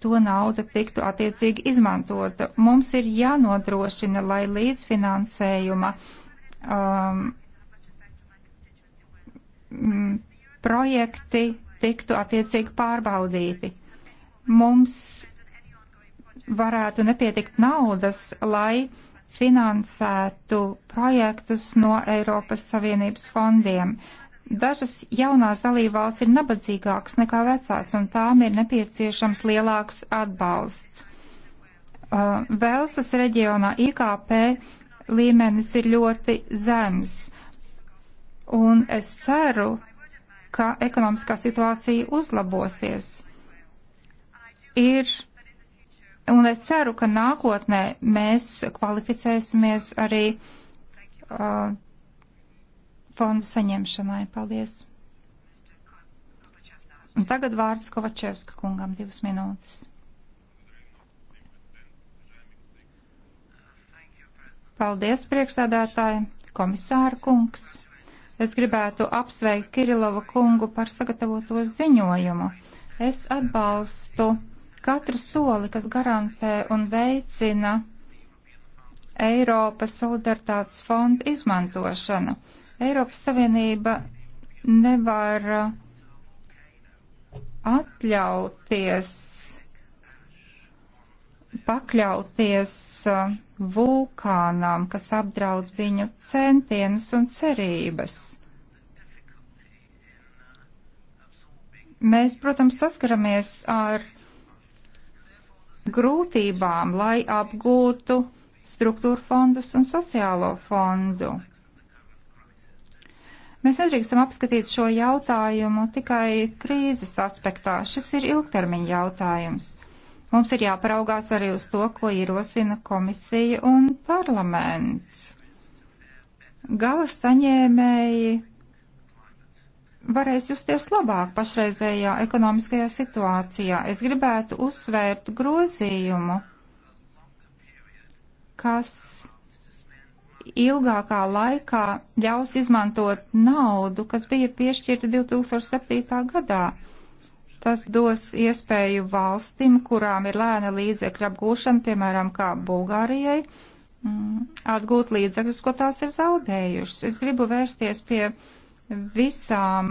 A: to nauda tiktu attiecīgi izmantota. Mums ir jānodrošina, lai līdzfinansējuma um, mm, projekti tiktu attiecīgi pārbaudīti. Mums varētu nepietikt naudas, lai finansētu projektus no Eiropas Savienības fondiem. Dažas jaunās dalībvalsts ir nabadzīgākas nekā vecās, un tām ir nepieciešams lielāks atbalsts. Uh, Velsas reģionā IKP līmenis ir ļoti zems, un es ceru, ka ekonomiskā situācija uzlabosies. Ir Un es ceru, ka nākotnē mēs kvalificēsimies arī uh, fondu saņemšanai. Paldies! Un tagad vārds Kovačevska kungam divas minūtes. Paldies, priekšsādātāji, komisāra kungs. Es gribētu apsveikt Kirilova kungu par sagatavoto ziņojumu. Es atbalstu Katru soli, kas garantē un veicina Eiropas solidaritātes fonda izmantošanu. Eiropas Savienība nevar uh, atļauties pakļauties uh, vulkānām, kas apdraud viņu centienus un cerības. Mēs, protams, saskaramies ar grūtībām, lai apgūtu struktūra fondus un sociālo fondu. Mēs nedrīkstam apskatīt šo jautājumu tikai krīzes aspektā. Šis ir ilgtermiņa jautājums. Mums ir jāparaugās arī uz to, ko ierosina komisija un parlaments. Gala saņēmēji varēs justies labāk pašreizējā ekonomiskajā situācijā. Es gribētu uzsvērt grozījumu, kas ilgākā laikā ļaus izmantot naudu, kas bija piešķirta 2007. gadā. Tas dos iespēju valstim, kurām ir lēna līdzekļa apgūšana, piemēram, kā Bulgārijai, mm, atgūt līdzekļus, ko tās ir zaudējušas. Es gribu vērsties pie uh, visām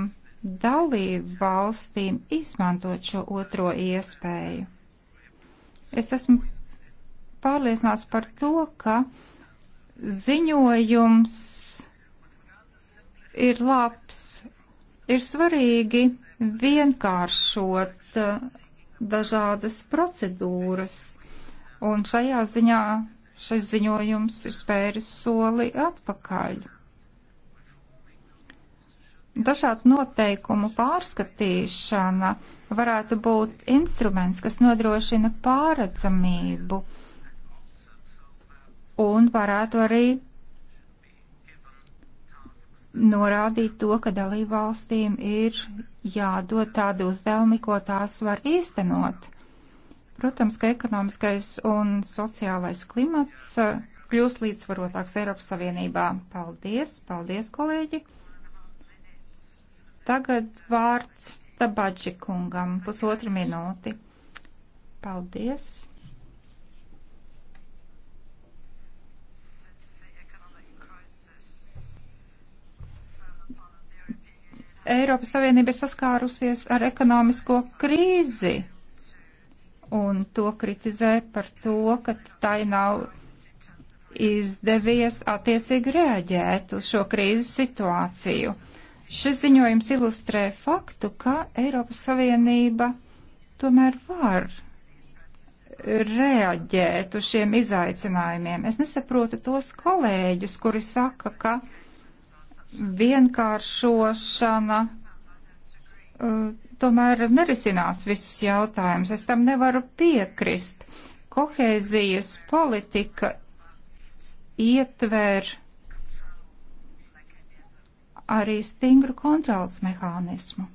A: dalību valstīm izmantot šo otro iespēju. Es esmu pārliecināts par to, ka ziņojums ir labs. Ir svarīgi vienkāršot uh, dažādas procedūras, un šajā ziņā šis ziņojums ir spēris soli atpakaļ. Dažādu noteikumu pārskatīšana varētu būt instruments, kas nodrošina pāredzamību un varētu arī norādīt to, ka dalībvalstīm ir jādod tādi uzdevumi, ko tās var īstenot. Protams, ka ekonomiskais un sociālais klimats eh, kļūs līdzsvarotāks Eiropas Savienībā. Paldies, paldies, kolēģi! Tagad vārds Tabadži kungam, pusotra minūti. Paldies! Eiropas Savienība ir saskārusies ar ekonomisko krīzi, un to kritizē par to, ka tai nav izdevies attiecīgi rēģēt uz šo krīzes situāciju. Šis ziņojums ilustrē faktu, ka Eiropas Savienība tomēr var reaģēt uz šiem izaicinājumiem. Es nesaprotu tos kolēģus, kuri saka, ka vienkāršošana uh, tomēr nerisinās visus jautājumus. Es tam nevaru piekrist. Kohēzijas politika ietver arī stingru kontrolas mehānismu.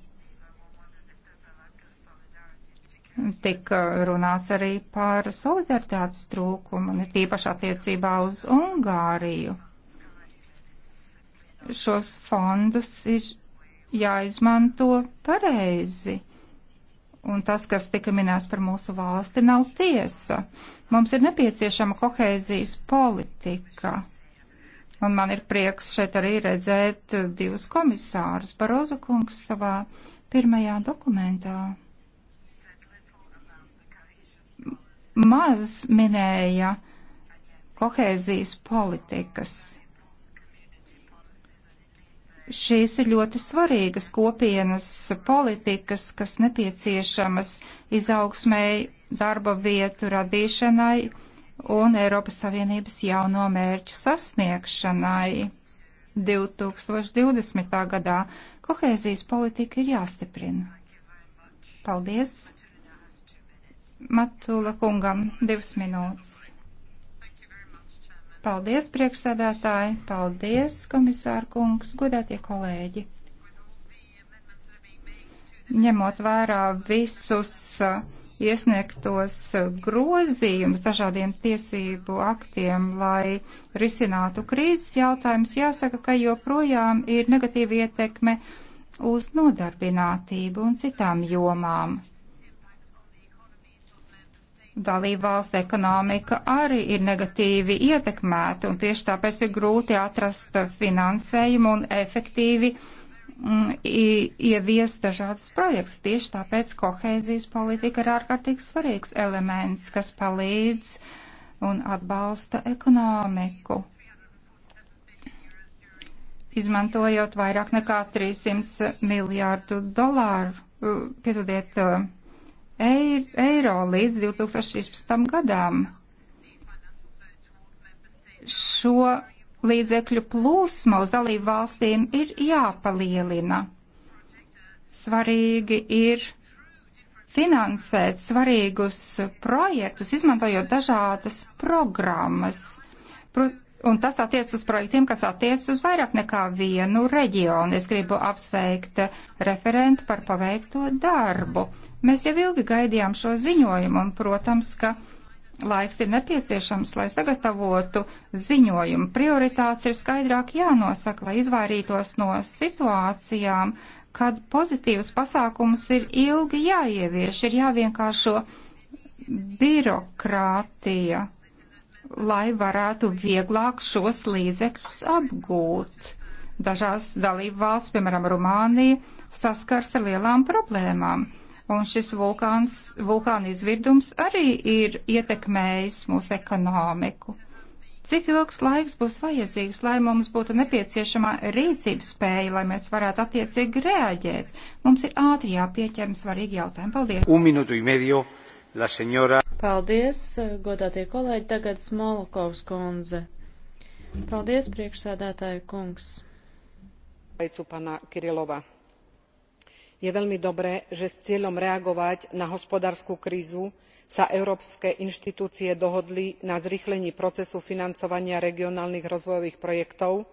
A: Tika runāts arī par solidaritātes trūkumu, ne tīpaši attiecībā uz Ungāriju. Šos fondus ir jāizmanto pareizi. Un tas, kas tika minēts par mūsu valsti, nav tiesa. Mums ir nepieciešama kohēzijas politika Un man ir prieks šeit arī redzēt divus komisārus. Barozu kungs savā pirmajā dokumentā maz minēja kohēzijas politikas. Šīs ir ļoti svarīgas kopienas politikas, kas nepieciešamas izaugsmēji darba vietu radīšanai un Eiropas Savienības jauno mērķu sasniegšanai 2020. gadā. Kohēzijas politika ir jāstiprina. Paldies! Matula kungam divas minūtes. Paldies, priekšsēdētāji, paldies, komisāra kungs, godētie kolēģi. Ņemot vērā visus uh, iesniegtos grozījumus dažādiem tiesību aktiem, lai risinātu krīzes jautājumus, jāsaka, ka joprojām ir negatīva ietekme uz nodarbinātību un citām jomām. Dalībvalsts ekonomika arī ir negatīvi ietekmēta, un tieši tāpēc ir grūti atrast finansējumu un efektīvi uh, Mm, ievies dažādas projekts. Tieši tāpēc kohēzijas politika ir ārkārtīgi svarīgs elements, kas palīdz un atbalsta ekonomiku. Izmantojot vairāk nekā 300 miljārdu dolāru, piedodiet, eiro līdz 2016. gadām. Šo līdzekļu plūsma uz dalību valstīm ir jāpalielina. Svarīgi ir finansēt svarīgus projektus, izmantojot dažādas programmas. Pro Un tas attiec uz projektiem, kas attiec uz vairāk nekā vienu reģionu. Es gribu apsveikt referentu par paveikto darbu. Mēs jau ilgi gaidījām šo ziņojumu un, protams, ka Laiks ir nepieciešams, lai sagatavotu ziņojumu. Prioritātes ir skaidrāk jānosaka, lai izvairītos no situācijām, kad pozitīvas pasākumus ir ilgi jāievieš, ir jāvienkāršo birokrātija, lai varētu vieglāk šos līdzekļus apgūt. Dažās dalību valsts, piemēram, Rumānija, saskars ar lielām problēmām un šis vulkāns, vulkāna izvirdums arī ir ietekmējis mūsu ekonomiku. Cik ilgs laiks būs vajadzīgs, lai mums būtu nepieciešama rīcības spēja, lai mēs varētu attiecīgi reaģēt? Mums ir ātri jāpieķem svarīgi jautājumi. Paldies! Un minūtu imedio, la senjora. Paldies, godātie
B: kolēģi, tagad Smolokovs kundze. Paldies, priekšsēdētāju kungs.
A: Paldies, pana Kirilova je veľmi dobré že s cieľom reagovať na hospodársku krízu sa európske inštitúcie dohodli na zrýchlení procesu financovania regionálnych rozvojových projektov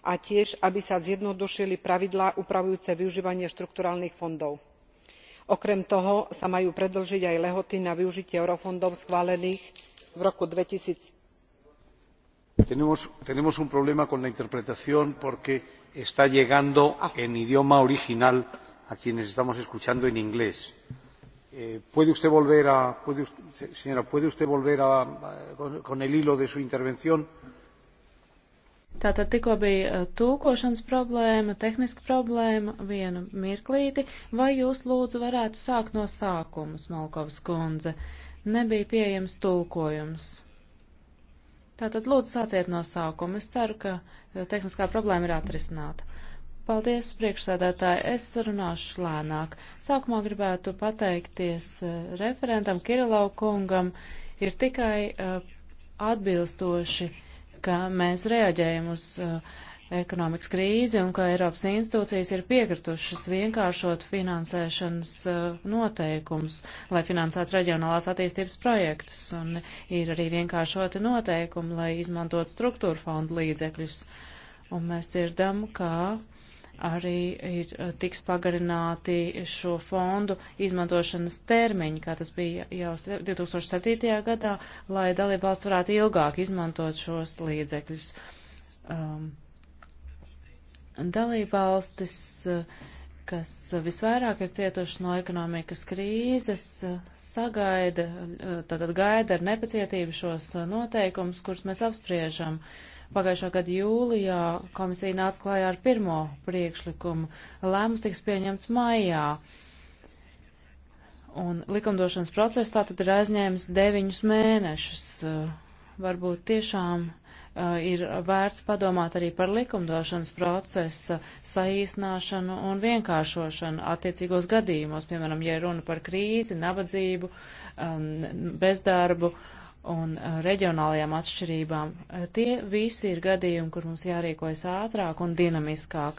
A: a tiež aby sa zjednodušili pravidlá upravujúce využívanie štrukturálnych fondov. okrem toho sa majú predĺžiť aj lehoty na využitie eurofondov schválených v roku. two thousand a quienes estamos escuchando en inglés.
B: Eh, ¿Puede usted volver a, puede usted, señora, puede usted volver a, a con, con el hilo de su intervención? Tātad tikko bija eh, tūkošanas problēma, tehniska problēma, vienu mirklīti, vai jūs lūdzu varētu sākt no sākuma, Smolkovs kundze? Nebija pieejams tulkojums. Tātad lūdzu sāciet no sākuma. Es ceru, ka eh, tehniskā problēma ir atrisināta. Paldies, priekšsēdētāji. Es runāšu lēnāk. Sākumā gribētu pateikties eh, referentam Kirilau kungam. Ir tikai uh, atbilstoši, ka mēs reaģējam uz uh, ekonomikas krīzi un ka Eiropas institūcijas ir piekritušas vienkāršot finansēšanas uh, noteikumus, lai finansētu reģionālās attīstības projektus. Un ir arī vienkāršoti noteikumi, lai izmantot struktūra fondu līdzekļus. Un mēs dzirdam, ka uh, arī ir, eh, tiks pagarināti šo fondu izmantošanas termiņi, kā tas bija jau 2007. gadā, lai dalībvalsts varētu ilgāk izmantot šos līdzekļus. Um, dalībvalstis, kas visvairāk ir cietuši no ekonomikas krīzes, sagaida, eh, tātad gaida ar nepacietību šos noteikumus, kurus mēs apspriežam. Uh, Pagājušā gada jūlijā komisija nāca klājā ar pirmo priekšlikumu. Lēmums tiks pieņemts maijā. Un likumdošanas process tātad ir aizņēmis deviņus mēnešus. Varbūt tiešām uh, ir vērts padomāt arī par likumdošanas procesa saīsnāšanu un vienkāršošanu attiecīgos gadījumos, piemēram, ja runa par krīzi, nabadzību, um, bezdarbu un uh, reģionālajām atšķirībām. Uh, tie visi ir gadījumi, kur mums jārīkojas ātrāk un dinamiskāk.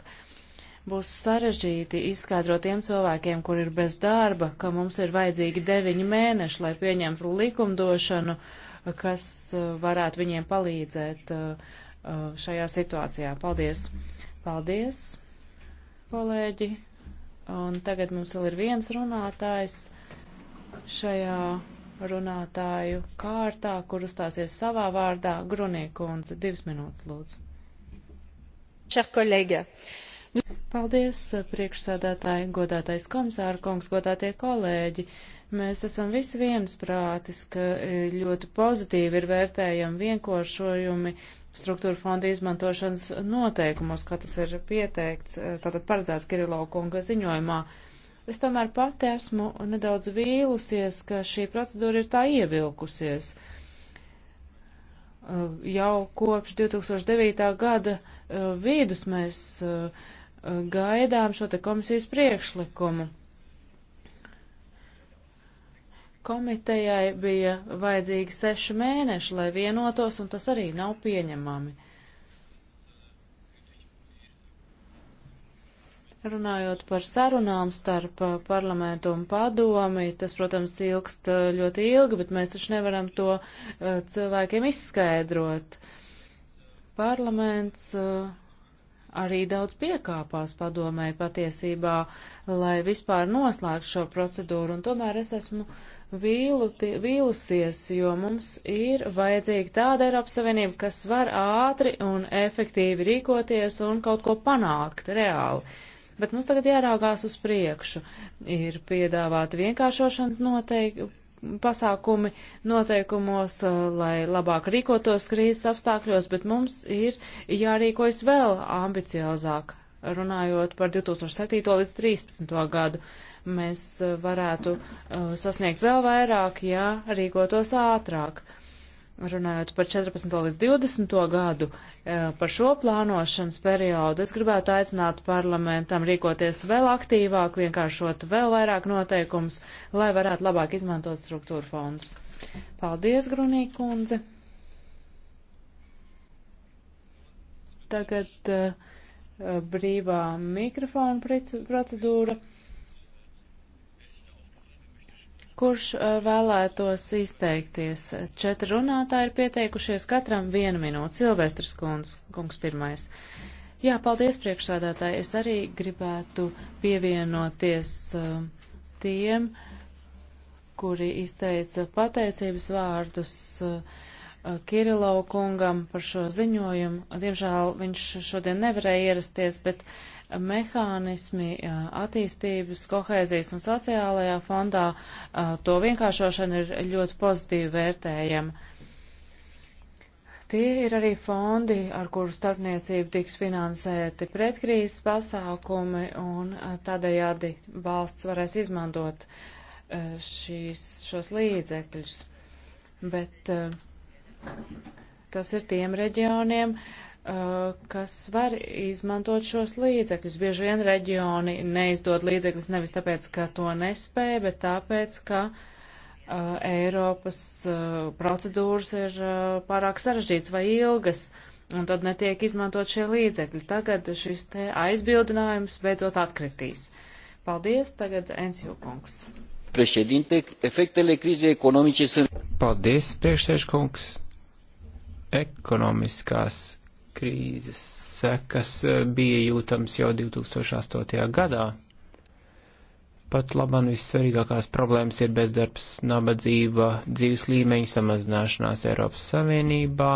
B: Būs sarežģīti izskaidrot tiem cilvēkiem, kur ir bez darba, ka mums ir vajadzīgi deviņi mēneši, lai pieņemtu likumdošanu, kas uh, varētu viņiem palīdzēt šajā situācijā. Paldies! Paldies, kolēģi! Un tagad mums vēl ir viens runātājs šajā runātāju kārtā, kur uzstāsies savā vārdā Grunīkundze. Divas minūtes, lūdzu. Čer kolēģi. Paldies, priekšsādātāji, godātais komisāra kungs, godātie kolēģi. Mēs esam visi viensprātis, ka e, ļoti pozitīvi ir vērtējami vienkošojumi struktūra fonda izmantošanas noteikumos, kā tas ir pieteikts, e, tātad paredzēts Kirilov kunga ziņojumā. Uh, Es tomēr pati esmu nedaudz vīlusies, ka šī procedūra ir tā ievilkusies. Uh, jau kopš 2009. gada uh, vidus mēs uh, gaidām šo te komisijas priekšlikumu. Komitejai bija vajadzīgi seši mēneši, lai vienotos, un tas arī nav pieņemami. Runājot par sarunām starp uh, parlamentu un padomi, tas, protams, ilgst uh, ļoti ilgi, bet mēs taču nevaram to uh, cilvēkiem izskaidrot. Parlaments arī daudz piekāpās padomē patiesībā, lai vispār noslēgtu šo procedūru, un tomēr es esmu vīlu, vīlusies, jo mums ir vajadzīga tāda Eiropas Savienība, kas var ātri un efektīvi rīkoties un kaut ko panākt reāli bet mums tagad jāraugās uz priekšu. Ir piedāvāti vienkāršošanas noteik pasākumi noteikumos, eh, lai labāk rīkotos krīzes apstākļos, bet mums ir jārīkojas vēl ambiciozāk. Runājot par 2007. līdz 2013. gadu, mēs eh, varētu eh, sasniegt vēl vairāk, ja rīkotos ātrāk. Uh, runājot par 14. līdz 20. gadu, eh, par šo plānošanas periodu, es gribētu aicināt parlamentam rīkoties vēl aktīvāk, vienkāršot vēl vairāk noteikums, lai varētu labāk izmantot struktūra fondus. Paldies, Grunī kundze. Tagad eh, brīvā mikrofona procedūra kurš vēlētos izteikties. Četri runātāji ir pieteikušies katram vienu minūti. Silvestris kungs, kungs pirmais. Jā, paldies priekšsādātāji. Es arī gribētu pievienoties tiem, kuri izteica pateicības vārdus Kirilau kungam par šo ziņojumu. Diemžēl viņš šodien nevarēja ierasties, bet uh, mehānismi attīstības, kohēzijas un sociālajā fondā, to vienkāršošana ir ļoti pozitīvi vērtējama. Tie ir arī fondi, ar kuru starpniecību tiks finansēti pretkrīzes pasākumi, un tādējādi valsts varēs izmantot šīs, šos līdzekļus. Bet tas ir tiem reģioniem, uh, Uh, kas var izmantot šos līdzekļus. Bieži vien reģioni neizdod līdzekļus nevis tāpēc, ka to nespēja, bet tāpēc, ka uh, Eiropas uh, procedūras ir uh, pārāk sarežģītas vai ilgas, un tad netiek izmantot šie līdzekļi. Tagad šis te aizbildinājums beidzot atkritīs. Paldies, tagad Ensju kungs.
C: Președinte, efectele crizei economice sunt. Paldies, priekšsēžkungs ekonomiskās krīzes sekas eh, bija jūtams jau 2008. gadā. Pat labam vissvarīgākās problēmas ir bezdarbs, nabadzība, dzīves līmeņa samazināšanās Eiropas Savienībā.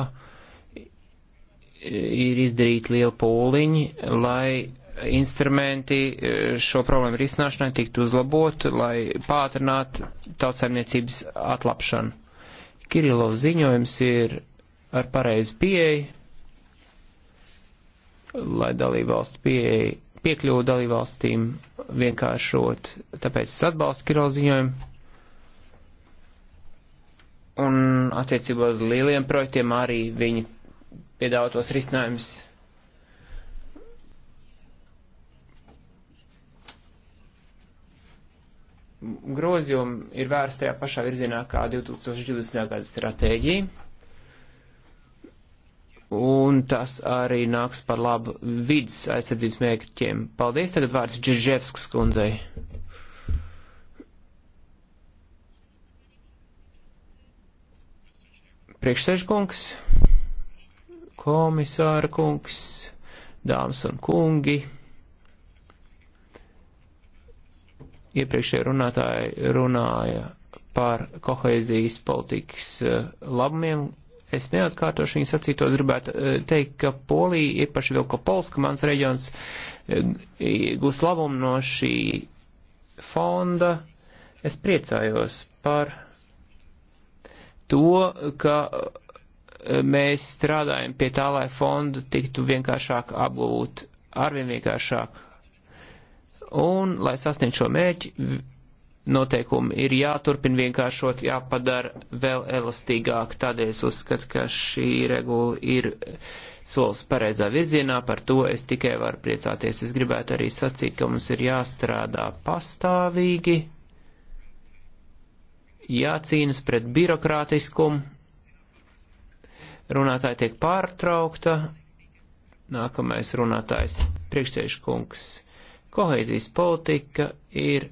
C: Ir izdarīti lieli pūliņi, lai instrumenti eh, šo problēmu risināšanai tiktu uzlabot, lai pātrinātu tautsēmniecības atlapšanu. Kirilov ziņojums ir ar pareizu pieeju, lai dalībvalstu pieeja piekļuvu dalībvalstīm vienkāršot, tāpēc es atbalstu kiroziņojumu. Un attiecībā uz lieliem projektiem arī viņi piedāvātos risinājumus. Grozījumi ir vērsti tajā pašā virzienā kā 2020. gada stratēģija un tas arī nāks par labu vidas aizsardzības mērķiem. Paldies, tagad vārds Džirževskas kundzei. Priekšsēžkungs, komisāra kungs, dāmas un kungi. Iepriekšējie runātāji runāja par kohēzijas politikas eh, labumiem Es neatkārtošu viņu sacītos, gribētu e, teikt, ka Polija, īpaši Vilkopolska, mans reģions, e, gūs labumu no šī fonda. Es priecājos par to, ka e, mēs strādājam pie tā, lai fondu tiktu vienkāršāk apgūt, arvien vienkāršāk. Un, lai sasniegtu šo mērķi, noteikumi ir jāturpina vienkāršot, jāpadara vēl elastīgāk. Tādēļ es uzskatu, ka šī regula ir solis pareizā virzienā, par to es tikai varu priecāties. Es gribētu arī sacīt, ka mums ir jāstrādā pastāvīgi, jācīnas pret birokrātiskumu, runātāja tiek pārtraukta, nākamais runātājs priekšsēžkungs. Koheizijas politika ir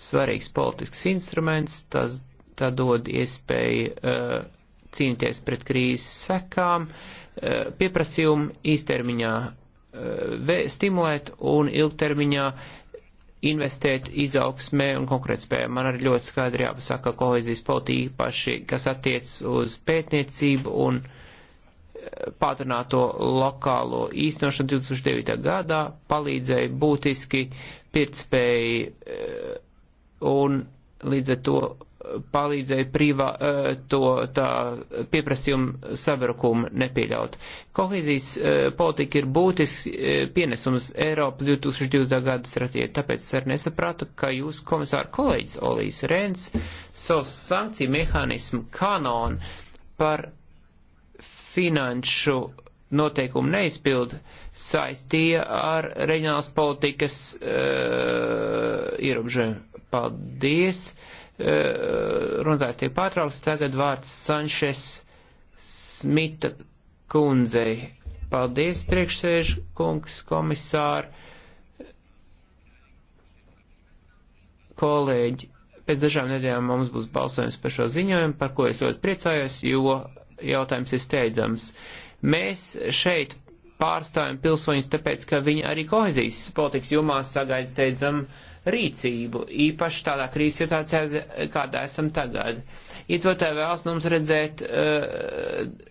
C: svarīgs politisks instruments, tas tā dod iespēju uh, cīnīties pret krīzes sekām, uh, pieprasījumu īstermiņā uh, stimulēt un ilgtermiņā investēt izaugsmē un konkurētspējā. Man arī ļoti skaidri jāpasaka kohēzijas politika īpaši, kas attiec uz pētniecību un uh, pātrināto lokālo īstenošanu 2009. gadā palīdzēja būtiski pirtspēju uh, un līdz ar to eh, palīdzēja privā, eh, to tā pieprasījumu sabrukumu nepieļaut. Kohēzijas eh, politika ir būtisks pienesums Eiropas 2020. gada stratēģijai, tāpēc es arī nesapratu, ka jūs komisāra kolēģis Olīs Rēns savus sankciju mehānismu kanonu par finanšu noteikumu neizpildu saistīja ar reģionālas politikas uh, ierobežojumu Paldies. Eh, runātājs tiek pārtraukts. Tagad vārds Sanšes Smita kundzei. Paldies, priekšsēžu kungs, komisāri, kolēģi. Pēc dažām nedēļām mums būs balsojums par šo ziņojumu, par ko es ļoti priecājos, jo jautājums ir steidzams. Mēs šeit pārstāvjam pilsoņus, tāpēc, ka viņi arī kohezijas politikas jomā sagaida steidzam uh, rīcību, īpaši tādā krīzes situācijā, kādā esam tagad. Iedzīvotāji vēlas mums redzēt uh,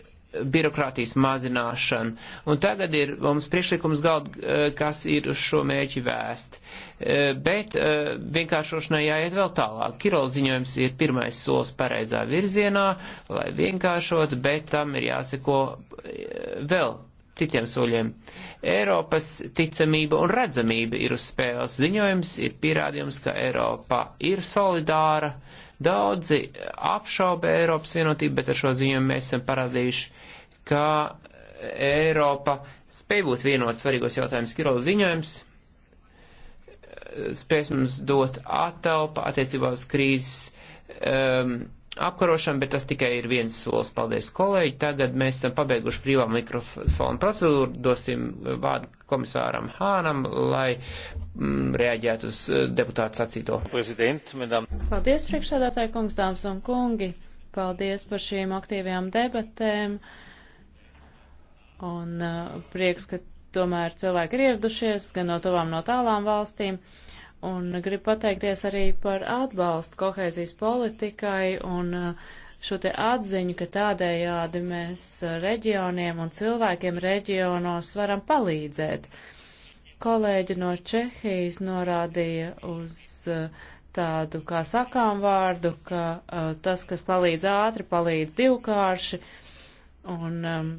C: birokrātijas mazināšanu. Un tagad ir mums priekšlikums galda, uh, kas ir uz šo mēķi vēst. Uh, bet uh, vienkāršošanai jāiet vēl tālāk. Kirola ziņojums ir pirmais solis pareizā virzienā, lai vienkāršot, bet tam ir jāseko uh, vēl citiem soļiem. Uh, Eiropas ticamība un redzamība ir uz spēles ziņojums, ir pierādījums, ka Eiropa ir solidāra. Daudzi apšauba Eiropas vienotību, bet ar šo ziņojumu mēs esam parādījuši, ka Eiropa spēj būt vienot svarīgos jautājumus. Kirola ziņojums eh, spēs mums dot attelpa attiecībā uz krīzes um, apkarošanu, bet tas tikai ir viens solis. Paldies, kolēģi. Tagad mēs esam pabeiguši privā mikrofonu procedūru. Dosim vārdu komisāram Hānam, lai mm, reaģētu uz eh, deputātu sacīto.
A: Paldies,
B: priekšsēdētāji kungs, dāmas un kungi. Paldies par šīm aktīvajām debatēm. Un uh, prieks, ka tomēr cilvēki ir ieradušies gan no tuvām, no tālām valstīm. Uh, Un gribu pateikties arī par atbalstu kohēzijas politikai un uh, šo te atziņu, ka tādējādi mēs uh, reģioniem un cilvēkiem reģionos varam palīdzēt. Kolēģi no Čehijas norādīja uz uh, tādu kā sakām vārdu, ka uh, tas, kas palīdz ātri, palīdz divkārši. Un um,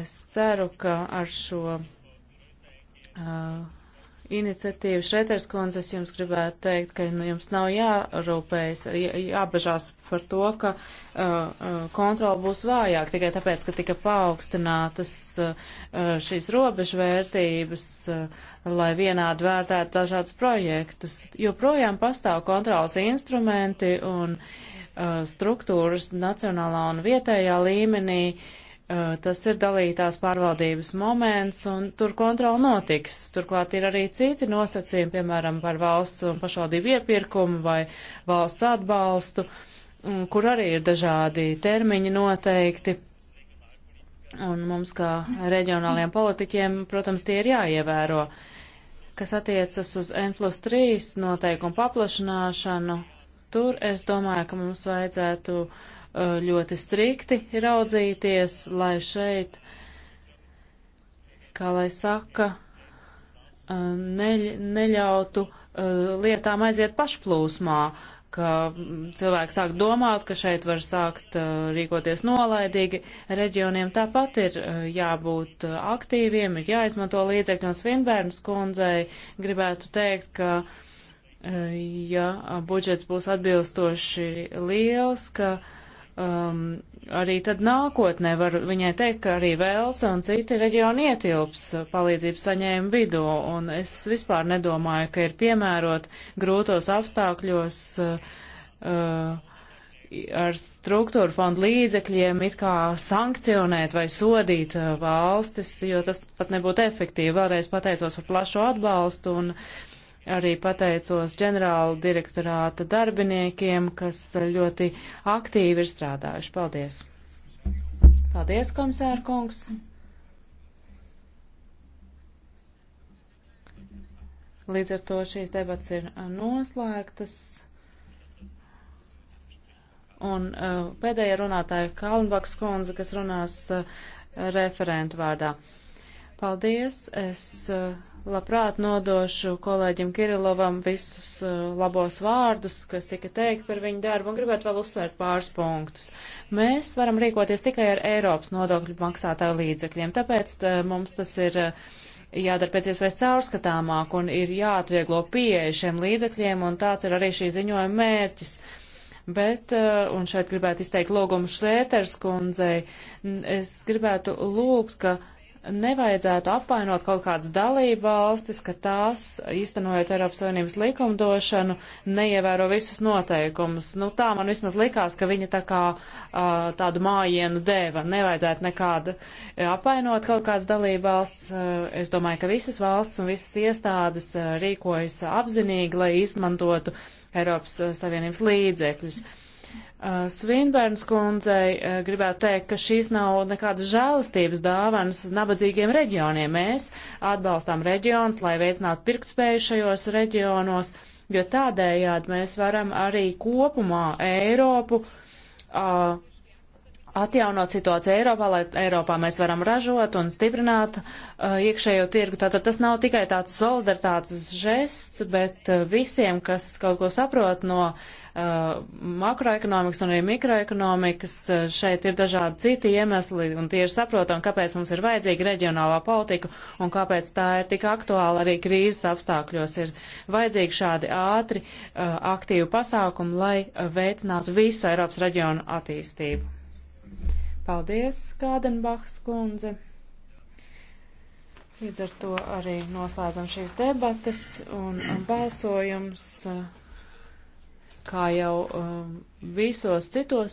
B: es ceru, ka ar šo uh, iniciatīvu Šreters kundze, es jums gribētu teikt, ka nu, jums nav jārūpējas, jābežās par to, ka uh, uh kontrola būs vājāk tikai tāpēc, ka tika paaugstinātas uh, uh, šīs robežvērtības, uh, lai vienādi vērtētu dažādus projektus. Joprojām pastāv kontrolas instrumenti un uh, struktūras nacionālā un vietējā līmenī. Uh, Uh, tas ir dalītās pārvaldības moments, un tur kontrola notiks. Turklāt ir arī citi nosacījumi, piemēram, par valsts un pašvaldību iepirkumu vai valsts atbalstu, kur arī ir dažādi termiņi noteikti. Un mums, kā reģionāliem politiķiem, protams, tie ir jāievēro. Kas attiecas uz N plus 3 noteikumu paplašināšanu, tur es domāju, ka mums vajadzētu uh, Eh, ļoti strikti raudzīties, lai šeit, kā lai saka, eh, neļ, neļautu eh, lietām aiziet pašplūsmā, ka cilvēki sāk domāt, ka šeit var sākt rīkoties nolaidīgi. Reģioniem tāpat ir jābūt aktīviem, ir jāizmanto līdzekļi, un Svinbērnas kundzei gribētu teikt, ka ja budžets būs atbilstoši liels, ka uh, um, arī tad nākotnē var viņai teikt, ka arī Velsa un citi reģioni ietilps palīdzību saņēma vidū, un es vispār nedomāju, ka ir piemērot grūtos apstākļos uh, uh, ar struktūru fondu līdzekļiem it kā sankcionēt vai sodīt uh, valstis, jo tas pat nebūtu efektīvi. Vēlreiz pateicos par plašo atbalstu un uh, Arī pateicos ģenerāla direktorāta darbiniekiem, kas ļoti aktīvi ir strādājuši. Paldies! Paldies, komisāra kungs! Līdz ar to šīs debats ir uh, noslēgtas. Un uh, pēdējā runātāja Kalnbaks kundze, kas runās uh, referentu vārdā. Paldies! Es eh, labprāt nodošu kolēģim Kirilovam visus eh, labos vārdus, kas tika teikt par viņu darbu, un gribētu vēl uzsvērt pāris punktus. Mēs varam rīkoties tikai ar Eiropas nodokļu maksātāju līdzekļiem, tāpēc tā, eh, mums tas ir jādara pēc iespējas caurskatāmāk un ir jāatvieglo pieeja šiem līdzekļiem, un tāds ir arī šī ziņojuma mērķis. Bet, un šeit gribētu izteikt lūgumu Šrēters kundzei, es gribētu lūgt, ka uh, nevajadzētu apvainot kaut kādas dalība valstis, ka tās, īstenojot Eiropas Savienības likumdošanu, neievēro visus noteikumus. Nu, tā man vismaz likās, ka viņa tā kā tādu mājienu deva. Nevajadzētu nekādu apvainot kaut kādas dalība valsts. Es domāju, ka visas valsts un visas iestādes rīkojas apzinīgi, lai izmantotu Eiropas Savienības līdzekļus. Mm. Uh, Svinbērns kundzei uh, gribētu teikt, ka šīs nav nekādas žēlastības dāvanas nabadzīgiem reģioniem. Mēs atbalstām reģionus, lai veicinātu pirktspēju šajos reģionos, jo tādējādi mēs varam arī kopumā Eiropu uh, atjaunot situāciju Eiropā, lai Eiropā mēs varam ražot un stiprināt uh, iekšējo tirgu. Tātad tas nav tikai tāds solidaritātes žests, bet uh, visiem, kas kaut ko saprot no uh, Uh, makroekonomikas un arī mikroekonomikas. Uh, šeit ir dažādi citi iemesli, un tie ir saprotami, kāpēc mums ir vajadzīga reģionālā politika un kāpēc tā ir tik aktuāla arī krīzes apstākļos. Ir vajadzīgi šādi ātri, uh, aktīvi pasākumi, lai veicinātu visu Eiropas reģionu attīstību. Paldies, Kādenbachs kundze! Līdz ar to arī noslēdzam šīs debatas un balsojums. Uh, kā jau um, visos citos